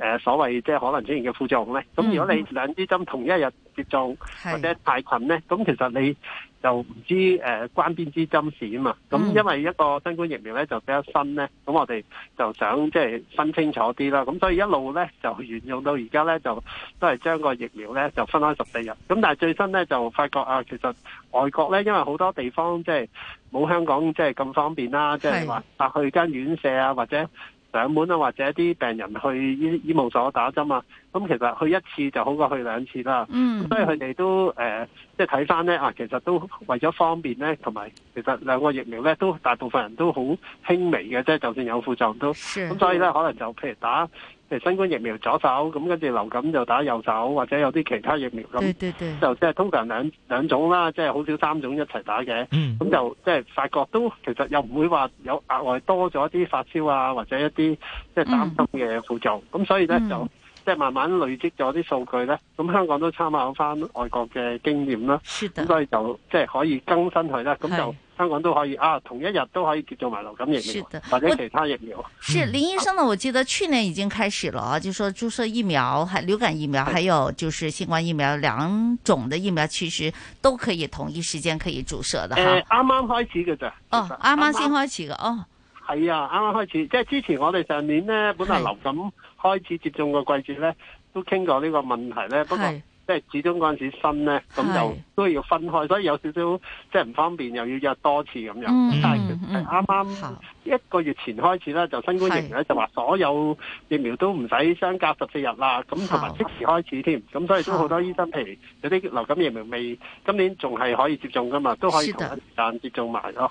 誒所謂即係可能出現嘅副作用咧，咁、嗯、如果你兩支針同一日接種或者太近咧，咁的其實你就唔知誒關邊支針事啊嘛。咁、嗯、因為一個新冠疫苗咧就比較新咧，咁我哋就想即係分清楚啲啦。咁所以一路咧就沿用到而家咧，就都係將個疫苗咧就分開十四日。咁但係最新咧就發覺啊，其實外國咧因為好多地方即係冇香港即係咁方便啦，即係話啊去間院舍啊或者。上門啊，或者啲病人去醫醫務所打針啊，咁其實去一次就好過去兩次啦。嗯，所以佢哋都誒，即係睇翻咧啊，其實都為咗方便咧，同埋其實兩個疫苗咧都大部分人都好輕微嘅，即係就算有副作用都。咁的所以咧，可能就譬如打。新冠疫苗左手咁，跟住流感就打右手，或者有啲其他疫苗咁，對對對，就即係通常兩,兩種啦，即係好少三種一齊打嘅。咁、嗯、就即係發覺都其實又唔會話有額外多咗啲發燒啊，或者一啲即係擔心嘅副作用咁，所以咧就即係、就是、慢慢累積咗啲數據咧，咁香港都參考翻外國嘅經驗啦。咁的所以就即係、就是、可以更新佢啦。咁就。香港都可以啊，同一日都可以接種埋流感疫苗或者其他疫苗。是林醫生呢？我記得去年已經開始了啊，就說注射疫苗，還流感疫苗，還有就是新冠疫苗兩種的疫苗，其實都可以同一時間可以注射的誒，啱啱開始嘅咋？哦，啱啱先開始嘅哦。係啊，啱啱開始，即係之前我哋上年呢，本來流感開始接種嘅季節呢，都傾過呢個問題呢。不過。即係始終嗰陣時新咧，咁就是都要分開，所以有少少即係唔方便，又要約多次咁樣。嗯但是嗯啱啱一個月前開始咧，就新冠疫苗咧就話所有疫苗都唔使相隔十四日啦，咁同埋即時開始添，咁是所以都好多醫生，譬如有啲流感疫苗未，今年仲係可以接種㗎嘛，都可以同一時間接種埋咯。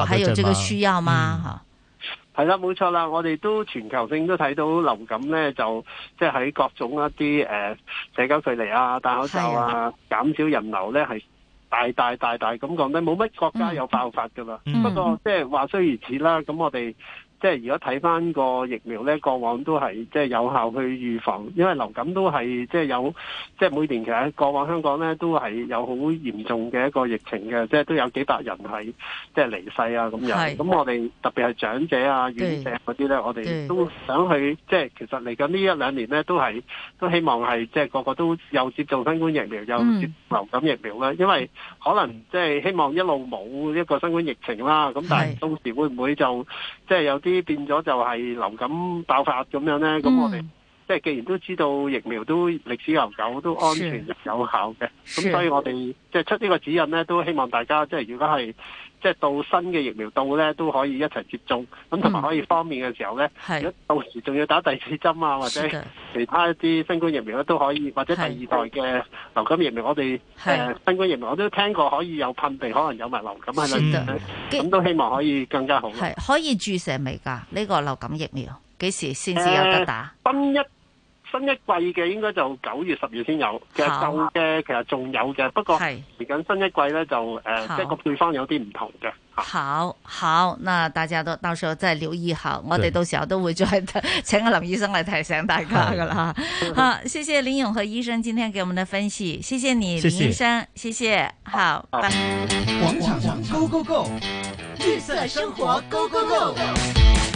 我還有這個需要嗎？哈、嗯，係啦，冇錯啦，我哋都全球性都睇到流感咧，就即係喺各種一啲誒、呃、社交距離啊、戴口罩啊、減少人流咧，係大大大大咁講咧，冇乜國家有爆發噶啦。嗯、不過即係話雖如此啦，咁我哋。即係如果睇翻個疫苗咧，過往都係即係有效去預防，因為流感都係即係有即係每年其實過往香港咧都係有好嚴重嘅一個疫情嘅，即係都有幾百人係即係離世啊咁樣。咁是我哋特別係長者啊、院是舍嗰啲咧，我哋都想去即係其實嚟緊呢一兩年咧都係都希望係即係個個都有接種新冠疫苗，有、嗯、接流感疫苗啦。因為可能即係希望一路冇一個新冠疫情啦，咁但係到時會唔會就即係有？啲變咗就係流感爆發咁樣呢。咁、嗯、我哋即係既然都知道疫苗都歷史悠久，都安全有效嘅，咁是的 所以我哋即係出呢個指引呢，都希望大家即係如果係。即係到新嘅疫苗到咧，都可以一齊接種。咁同埋可以方便嘅時候咧，是如果到時仲要打第四針啊，或者其他一啲新冠疫苗咧，都可以，的或者第二代嘅流感疫苗，我哋誒新冠疫苗我都聽過可以有噴鼻，可能有埋流感咁，係咁都希望可以更加好。係可以注射未㗎？呢、呢個流感疫苗幾時先至有得打？呃、一。新一季嘅應該就九月十月先有，嘅、啊、舊嘅其實仲有嘅，不過嚟緊新一季咧就誒、呃，即係好個配方有啲唔同嘅。好好，那大家都到時候再留意下，對我哋到時候都會再請阿林醫生嚟提醒大家噶啦。吓好，謝謝林永和醫生今天給我們的分析，謝謝你，謝謝林醫生，謝謝。好，廣場好 bye Go Go Go，綠色生活 Go Go Go。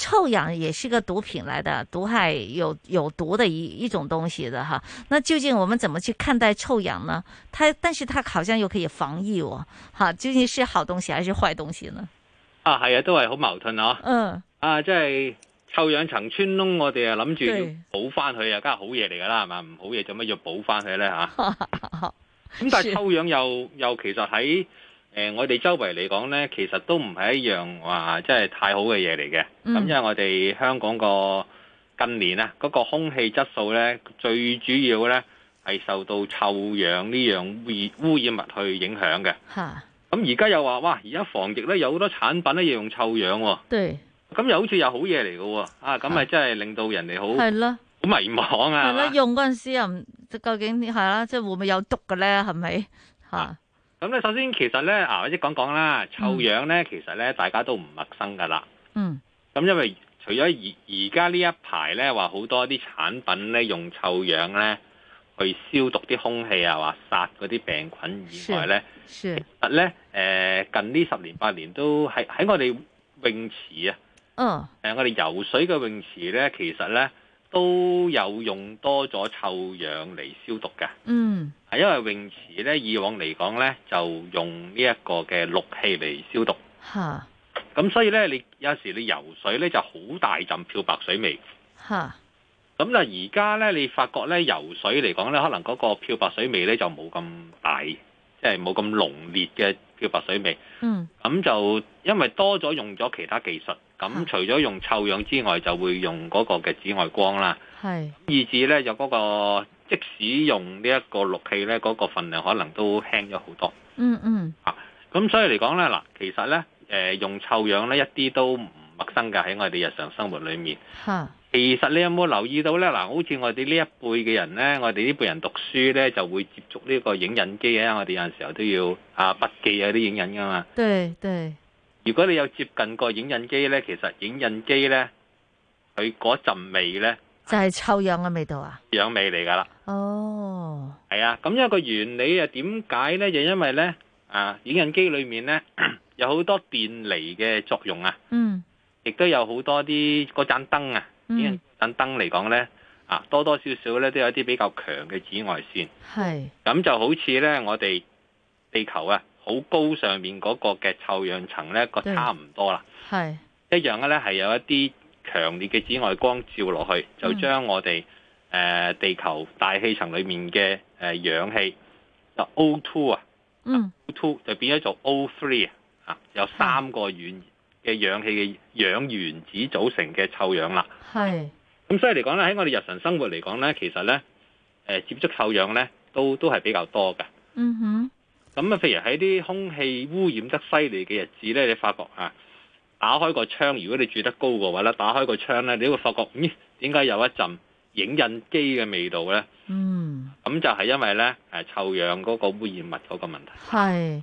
臭氧也是個毒品來的，毒害有有毒的一一種東西的哈。那究竟我們怎麼去看待臭氧呢？它，但是它好像又可以防疫哦，哈，究竟是好東西還是壞東西呢？啊，係啊，都係好矛盾哦。嗯。啊，即係臭氧層穿窿，我哋啊諗住要補翻佢啊，梗係對好嘢嚟噶啦，係嘛？唔好嘢做乜要補翻佢咧吓？咁 [laughs] [laughs] 但係臭氧又是又其實喺。誒，我哋周圍嚟講咧，其實都唔係一樣話，即係太好嘅嘢嚟嘅。咁因為我哋香港個近年啊，嗰個空氣質素咧，最主要咧係受到臭氧呢樣污染污染物去影響嘅。吓咁而家又話，哇！而家防疫咧有好多產品咧要用臭氧。對。咁又好似有好嘢嚟嘅。啊，咁咪真係令到人哋好係咯，好迷茫啊。係咯。用嗰陣時又唔，即係究竟係啦，即係會唔會有毒嘅咧？係咪吓？咁咧，首先其實咧，啊，即講講啦，臭氧咧，其實咧，大家都唔陌生㗎喇。嗯。咁因為除咗而而家呢一排咧，話好多啲產品咧用臭氧咧去消毒啲空氣啊，話殺嗰啲病菌以外咧，係咧，誒、呃、近呢十年八年都係喺我哋泳池啊，嗯、哦，誒、呃、我哋游水嘅泳池咧，其實咧，都有用多咗臭氧嚟消毒嘅，嗯，係因為泳池咧以往嚟講呢，就用呢一個嘅氯氣嚟消毒，吓哈，咁所以呢，你有陣時你游水呢就好大陣漂白水味，吓哈，咁但而家呢，你發覺呢，游水嚟講呢，可能嗰個漂白水味呢就冇咁大。即係冇咁濃烈嘅漂白水味，嗯，咁就因為多咗用咗其他技術，咁除咗用臭氧之外，就會用嗰個嘅紫外光啦，係，以至呢，就嗰個即使用呢一個氯氣呢，嗰、嗰個份量可能都輕咗好多，嗯嗯，嗯啊，咁所以嚟講呢，嗱，其實呢，誒、呃、用臭氧呢，一啲都唔陌生㗎，喺我哋日常生活裏面嚇。嗯嗯。其實你有冇留意到咧？嗱，好似我哋呢一輩嘅人咧，我哋呢輩人讀書咧，就會接觸呢個影印機啊！我哋有陣時候都要啊筆記啊啲影印噶嘛。對對，如果你有接近個影印機咧，其實影印機咧，佢嗰陣味咧就係臭氧嘅味道啊，氧味嚟噶啦。哦，係啊，咁一個原理啊，點解咧？就因為咧啊，影印機裏面咧有好多電離嘅作用啊，嗯，亦都有好多啲嗰盞燈啊。等燈嚟講咧，啊多多少少咧都有啲比較強嘅紫外線係咁是就好似咧，我哋地球啊，好高上面個嘅臭氧層咧，個對差唔多啦。係是一樣嘅咧，係有一啲強烈嘅紫外光照落去，嗯、就將我哋誒、呃、地球大氣層裏面嘅誒、呃、氧氣就 O two 啊、嗯、2，O two 就變咗做 O three 啊，有三個氧。嘅氧氣嘅氧原子組成嘅臭氧啦，係，咁所以嚟講咧，喺我哋日常生活嚟講咧，其實咧，誒接觸臭氧咧，都都係比較多嘅。嗯哼，咁啊，譬如喺啲空氣污染得犀利嘅日子咧，你發覺啊，打開個窗，如果你住得高嘅話咧，打開個窗咧，你會發覺咦，點解有一陣影印機嘅味道咧？嗯，咁就係因為咧，誒臭氧嗰個污染物嗰個問題。係。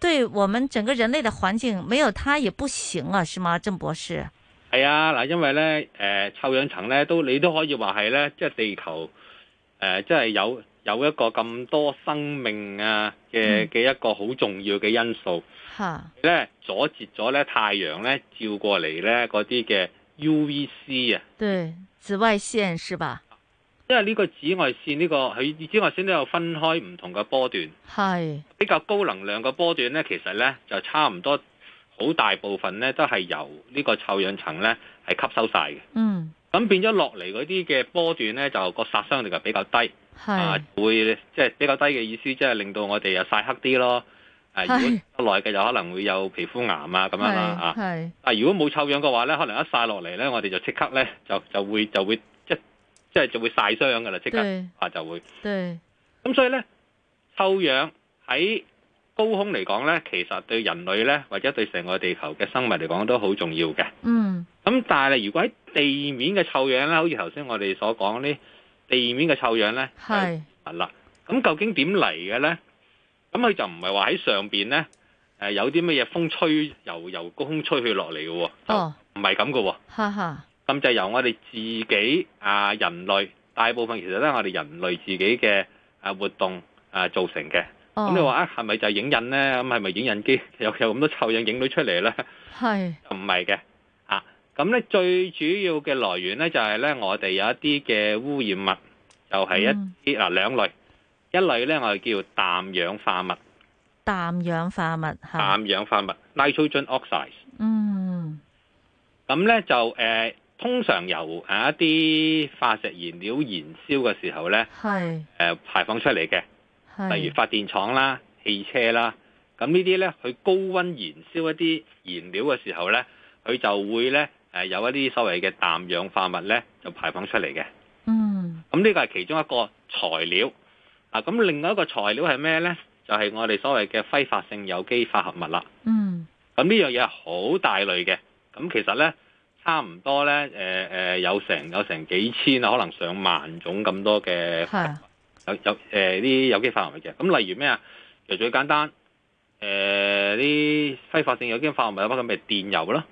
對我們整個人類的環境，沒有它也不行啊，是嗎，鄭博士？係啊，嗱，因為咧，誒、呃，臭氧層咧都，你都可以話係咧，即係地球，誒、呃，即係有有一個咁多生命啊嘅嘅一個好重要嘅因素。吓、嗯，咧阻截咗咧太陽咧照過嚟咧嗰啲嘅 UVC 啊。對，紫外線是吧？因為呢個紫外線呢個佢，紫外線都有分開唔同嘅波段，係是比較高能量嘅波段咧，其實咧就差唔多好大部分咧都係由呢個臭氧層咧係吸收晒嘅。嗯，咁變咗落嚟嗰啲嘅波段咧，就個殺傷力就比較低，係是、啊、會即係、就是、比較低嘅意思，即係令到我哋又晒黑啲咯。係是，如果耐嘅就可能會有皮膚癌啊咁是樣啦啊。係是，但如果冇臭氧嘅話咧，可能一晒落嚟咧，我哋就即刻咧就就會就會，就會就會即係就會曬傷噶啦，即刻話就會。咁所以呢，臭氧喺高空嚟講呢，其實對人類呢，或者對成個地球嘅生物嚟講都好重要嘅。嗯。咁但係如果喺地面嘅臭氧呢，好似頭先我哋所講呢，地面嘅臭氧呢，係是。係啦。咁究竟點嚟嘅呢？咁佢就唔係話喺上邊呢，誒、呃、有啲乜嘢風吹，由由高空吹去落嚟嘅。哦、就，唔係咁嘅。哈哈。咁就由我哋自己啊，人類大部分其實咧，我哋人類自己嘅啊活動啊造成嘅。咁你話啊，係咪就係影印咧？咁係咪影印機有有咁多臭氧影到出嚟咧？係唔係嘅？啊，咁咧最主要嘅來源咧就係咧我哋有一啲嘅污染物，就係一啲嗱兩類，一類咧我哋叫氮氧化物。氮氧化物嚇。氮氧化物 （nitrogen oxide）。嗯。咁咧就誒。通常由啊一啲化石燃料燃燒嘅時候咧，係誒是、呃、排放出嚟嘅，是例如發電廠啦、汽車啦，咁呢啲咧佢高溫燃燒一啲燃料嘅時候咧，佢就會咧誒、呃、有一啲所謂嘅氮氧化物咧就排放出嚟嘅。嗯，咁呢個係其中一個材料啊，咁另外一個材料係咩咧？就係、是、我哋所謂嘅揮發性有機化合物啦。嗯，咁呢樣嘢係好大類嘅，咁其實咧。差唔多咧，誒、呃、誒、呃、有成有成幾千啊，可能上萬種咁多嘅化合物是有有誒啲、呃、有機化合物嘅。咁例如咩啊？其實最簡單誒啲揮發性有機化合物，咁咪電油咯。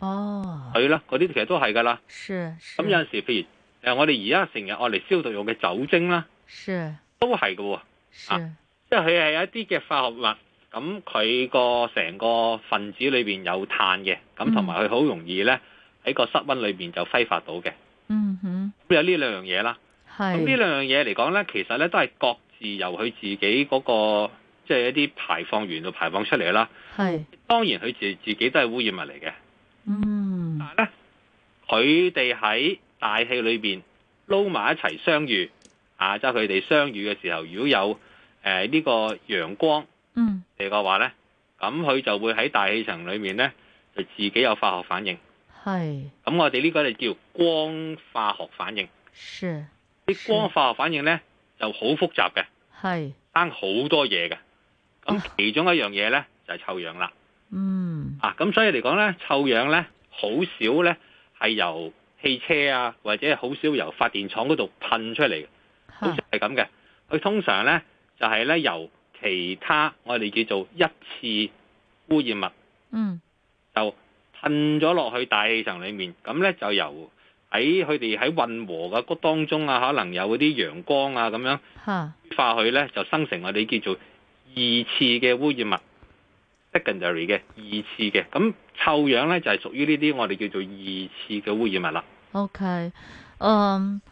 哦，係啦，嗰啲其實都係㗎啦。咁有陣時譬如、呃、我哋而家成日愛嚟消毒用嘅酒精啦，都係㗎喎。是，即係佢係有一啲嘅化合物，咁佢個成個分子裏面有碳嘅，咁同埋佢好容易咧。嗯喺個室溫裏邊就揮發到嘅，嗯哼、mm，hmm. 有呢兩樣嘢啦。係咁呢兩樣嘢嚟講咧，其實咧都係各自由佢自己嗰個，即係一啲排放源度排放出嚟啦。係當然佢自自己都係污染物嚟嘅。嗯、mm，hmm. 但係咧，佢哋喺大氣裏邊撈埋一齊相遇啊，即係佢哋相遇嘅時候，如果有誒呢個陽光嗯嚟嘅話咧，咁佢、mm hmm. 就會喺大氣層裏面咧就自己有化學反應。係，咁我哋呢個咧叫光化學反應。是，啲光化學反應咧就好複雜嘅，係是，生好多嘢嘅。咁其中一樣嘢咧、啊、就係臭氧啦。嗯。啊，咁所以嚟講咧，臭氧咧好少咧係由汽車啊或者好少由發電廠嗰度噴出嚟，好似係咁嘅。佢、啊、通常咧就係、是、咧由其他我哋叫做一次污染物，嗯，就。摁咗落去大氣層裏面，咁咧就由喺佢哋喺混和嘅谷當中啊，可能有嗰啲陽光啊咁樣化去呢，化佢咧就生成我哋叫做二次嘅污染物 （secondary 嘅二次嘅）。咁臭氧咧就係、係、屬於呢啲我哋叫做二次嘅污染物啦。OK，嗯、um。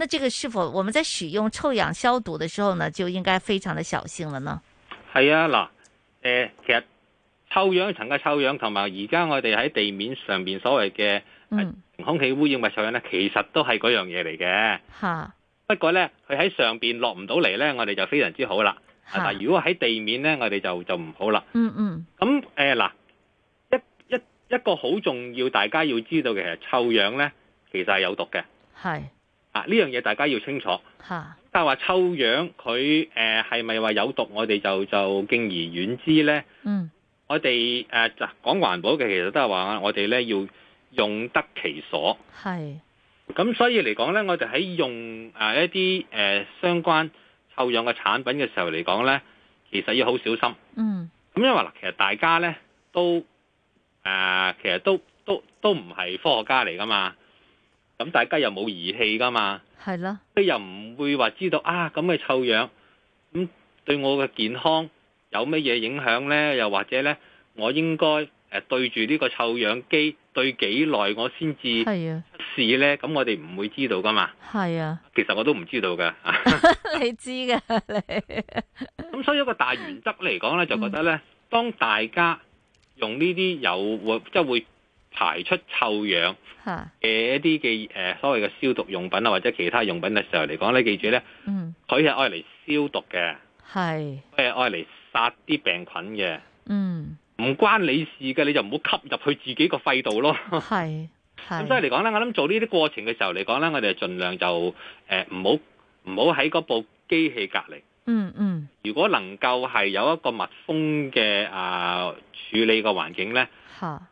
那這個是否我們在使用臭氧消毒的時候呢，就應該非常的小心了呢？係啊，嗱，誒，其實臭氧層嘅臭氧同埋而家我哋喺地面上面所謂嘅、嗯啊、空氣污染物臭氧呢，其實都係嗰樣嘢嚟嘅。吓哈，不過呢，佢喺上邊落唔到嚟呢，我哋就非常之好啦。吓哈，但如果喺地面呢，我哋就就唔好了、嗯嗯呃、啦。嗯嗯。咁誒，嗱，一一，一個好重要大家要知道嘅，其實臭氧呢，其實係有毒嘅。係。啊！呢樣嘢大家要清楚，但係話臭氧佢誒係咪話有毒，我哋就就敬而遠之咧。嗯，我哋誒就講環保嘅，其實都係話我哋咧要用得其所。係是，咁所以嚟講咧，我哋喺用誒、呃、一啲誒、呃、相關臭氧嘅產品嘅時候嚟講咧，其實要好小心。嗯，咁、嗯、因為嗱，其實大家咧都誒、呃，其實都都都唔係科學家嚟㗎嘛。咁大家又冇儀器噶嘛？係囉的，即又唔會話知道啊！咁嘅臭氧咁對我嘅健康有乜嘢影響咧？又或者咧，我應該誒對住呢個臭氧機對幾耐，的我先至試咧？咁我哋唔會知道噶嘛？係啊的，其實我都唔知道㗎。 [laughs] [laughs] 你知㗎，你，咁所以一個大原則嚟講咧，就覺得咧，嗯、當大家用呢啲又會即係會。排出臭氧嘅一啲嘅誒所謂嘅消毒用品啊，或者其他用品嘅時候嚟講咧，你記住咧，佢係愛嚟消毒嘅，係是，係愛嚟殺啲病菌嘅，嗯，唔關你事嘅，你就唔好吸入去自己個肺度咯，係，係。咁所以嚟講咧，我諗做呢啲過程嘅時候嚟講咧，我哋盡量就誒唔好唔好喺嗰部機器隔離，嗯嗯，如果能夠係有一個密封嘅啊處理個環境咧。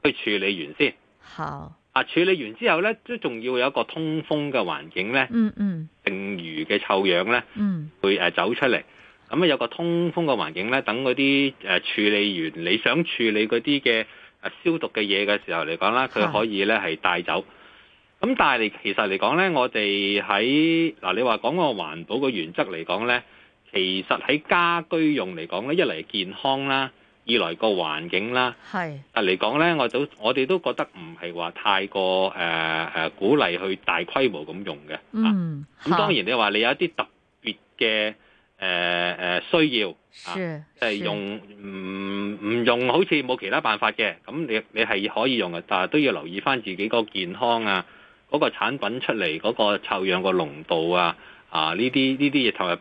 去處理完先，啊好處理完之後咧，都仲要有一個通風嘅環境咧，嗯嗯、剩餘嘅臭氧咧，嗯、會走出嚟。咁啊有個通風嘅環境咧，等嗰啲誒處理完，你想處理嗰啲嘅消毒嘅嘢嘅時候嚟講啦，佢可以咧係帶走。咁是但係其實嚟講咧，我哋喺嗱你話講個環保嘅原則嚟講咧，其實喺家居用嚟講咧，一嚟健康啦。二來個環境啦，是但啊嚟講咧，我都我哋都覺得唔係話太過誒、呃呃、鼓勵去大規模咁用嘅，嗯，咁、啊嗯、當然你話你有一啲特別嘅誒需要，係是、啊就是、用唔唔是、嗯、用好似冇其他辦法嘅，咁你你係可以用嘅，但係都要留意翻自己個健康啊，嗰、那個產品出嚟嗰、那個臭氧個濃度啊，啊呢啲呢啲嘢頭。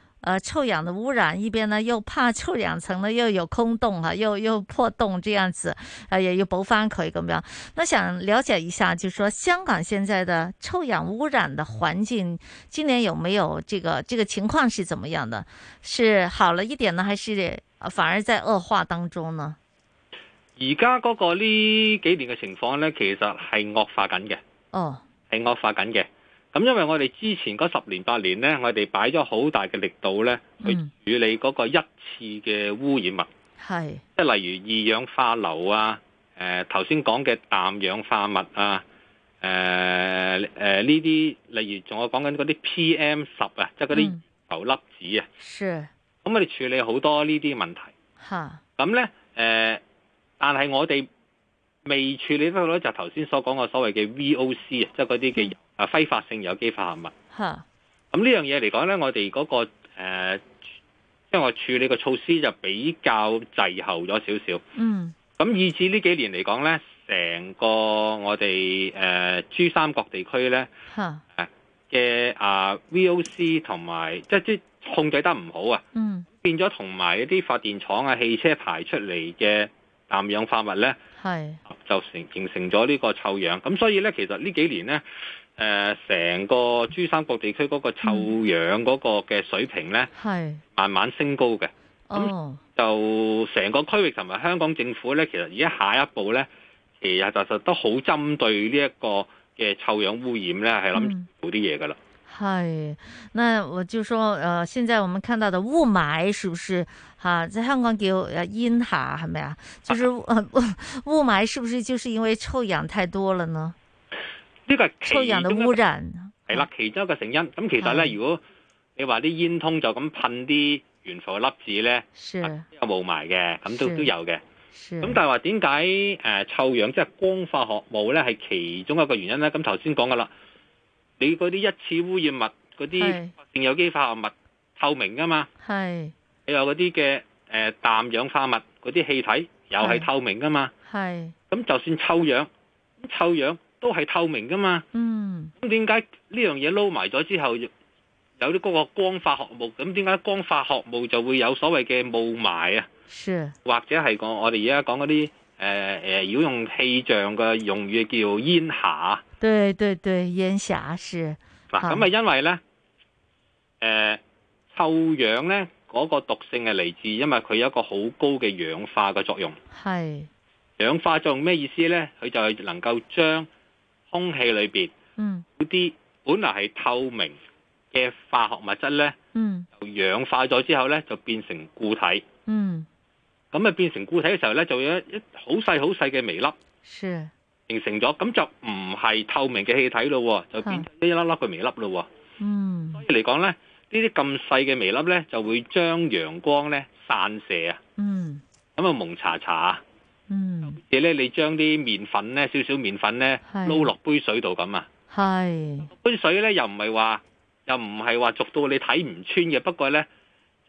呃，臭氧的污染，一邊呢，又怕臭氧層呢又有空洞哈、啊，又又破洞這樣子，啊也要補翻可以咁樣。那想了解一下就是，就說香港現在的臭氧污染的環境，今年有沒有這個這個情況是怎麼樣的？是好了一點呢，還是反而在惡化當中呢？而家嗰個呢幾年嘅情況呢，其實係惡化緊嘅，哦，係惡化緊嘅。咁因為我哋之前嗰十年八年呢，我哋擺咗好大嘅力度呢去處理嗰個一次嘅污染物，係、嗯、即係例如二氧化硫啊，誒頭先講嘅氮氧化物啊，誒誒呢啲，例如仲有我講緊嗰啲 P M 十啊，即係嗰啲油粒子啊，咁是我哋處理好多呢啲問題。嚇咁哈呢誒、呃，但係我哋未處理得到呢就頭先所講嘅所謂嘅 V O C 啊，即係嗰啲嘅。啊！揮發性有機化合物，嚇的，咁呢樣嘢嚟講咧，我哋嗰、那個誒，即、呃就是、我處理嘅措施就比較滯後咗少少。嗯，咁以至呢幾年嚟講咧，成個我哋誒珠三角地區咧，嚇嘅的啊 VOC 同埋即係啲控制得唔好啊，嗯，變咗同埋一啲發電廠啊、汽車排出嚟嘅氮氧化物咧，係的就成形成咗呢個臭氧。咁所以咧，其實呢幾年咧。誒，成、呃、個珠三角地區嗰個臭氧嗰個嘅水平咧，係、嗯、慢慢升高嘅。咁、哦、就成個區域同埋香港政府咧，其實而家下一步咧，其實就實都好針對呢一個嘅臭氧污染咧，係諗做啲嘢噶啦係、嗯，那我就說，誒、呃，現在我們看到的霧霾是不是、啊在香港啊，是不是吓？即香港叫啊煙霞，係咪啊？就是霧、呃、霧霾，是不是就是因為臭氧太多了呢？呢個臭氧嘅污染。係啦，其中一個成因。咁、啊、其實咧，如果你話啲煙通就咁噴啲懸浮粒子咧，是啊、有霧霾嘅，咁都都有嘅。咁是但係話點解誒臭氧即係、就是、光化學霧咧，係其中一個原因咧？咁頭先講嘅啦，你嗰啲一次污染物嗰啲非有機化學物是透明噶嘛？係是。你話嗰啲嘅誒氮氧化物嗰啲氣體，又係透明噶嘛？係。咁就算臭氧，臭氧。都係透明噶嘛？嗯，咁點解呢樣嘢撈埋咗之後，有啲嗰個光化學霧？咁點解光化學霧就會有所謂嘅霧霾啊？是，或者係講我哋而家講嗰啲誒誒，要用氣象嘅用語叫煙霞。對對對，煙霞是。嗱，咁啊，因為咧，誒好、呃，臭氧咧嗰、那個毒性係嚟自，因為佢有一個好高嘅氧化嘅作用。係是。氧化作用咩意思咧？佢就能夠將空氣裏邊，嗯，呢啲本來係透明嘅化學物質咧，嗯，由氧化咗之後咧就變成固體，嗯，咁啊變成固體嘅時候咧就有一一好細好細嘅微粒，是，形成咗，咁就唔係透明嘅氣體咯，就變咗呢一粒粒嘅微粒咯，嗯，所以嚟講咧呢啲咁細嘅微粒咧就會將陽光咧散射啊，嗯，咁啊蒙查查嗯，嘢咧，你將啲麵粉咧，少少麵粉咧，撈落杯水度咁啊，係是杯水咧又唔係話又唔係話濁到你睇唔穿嘅，不過咧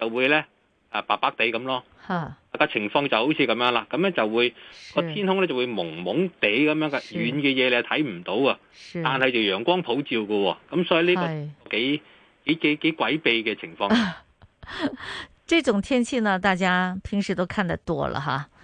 就會咧啊白白地咁咯，個哈情況就好似咁樣啦，咁咧就會個是天空咧就會蒙蒙地咁樣嘅，遠嘅嘢你係睇唔到啊，是但係就陽光普照嘅，咁是所以呢、這個幾幾幾幾詭秘嘅情況。呢、啊、種天氣呢，大家平時都看得多了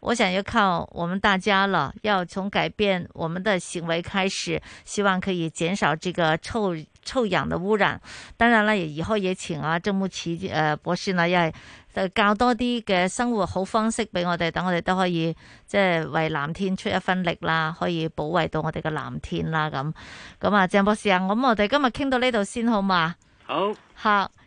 我想要靠我們大家啦，要從改變我們的行為開始，希望可以減少這個臭臭氧的污染。當然啦，以後也請啊，鄭睦奇誒、呃、博士啦，又係教多啲嘅生活好方式俾我哋，等我哋都可以即係為藍天出一分力啦，可以保衛到我哋嘅藍天啦咁。咁啊，鄭博士啊，咁我哋今日傾到呢度先好嗎？好，吓。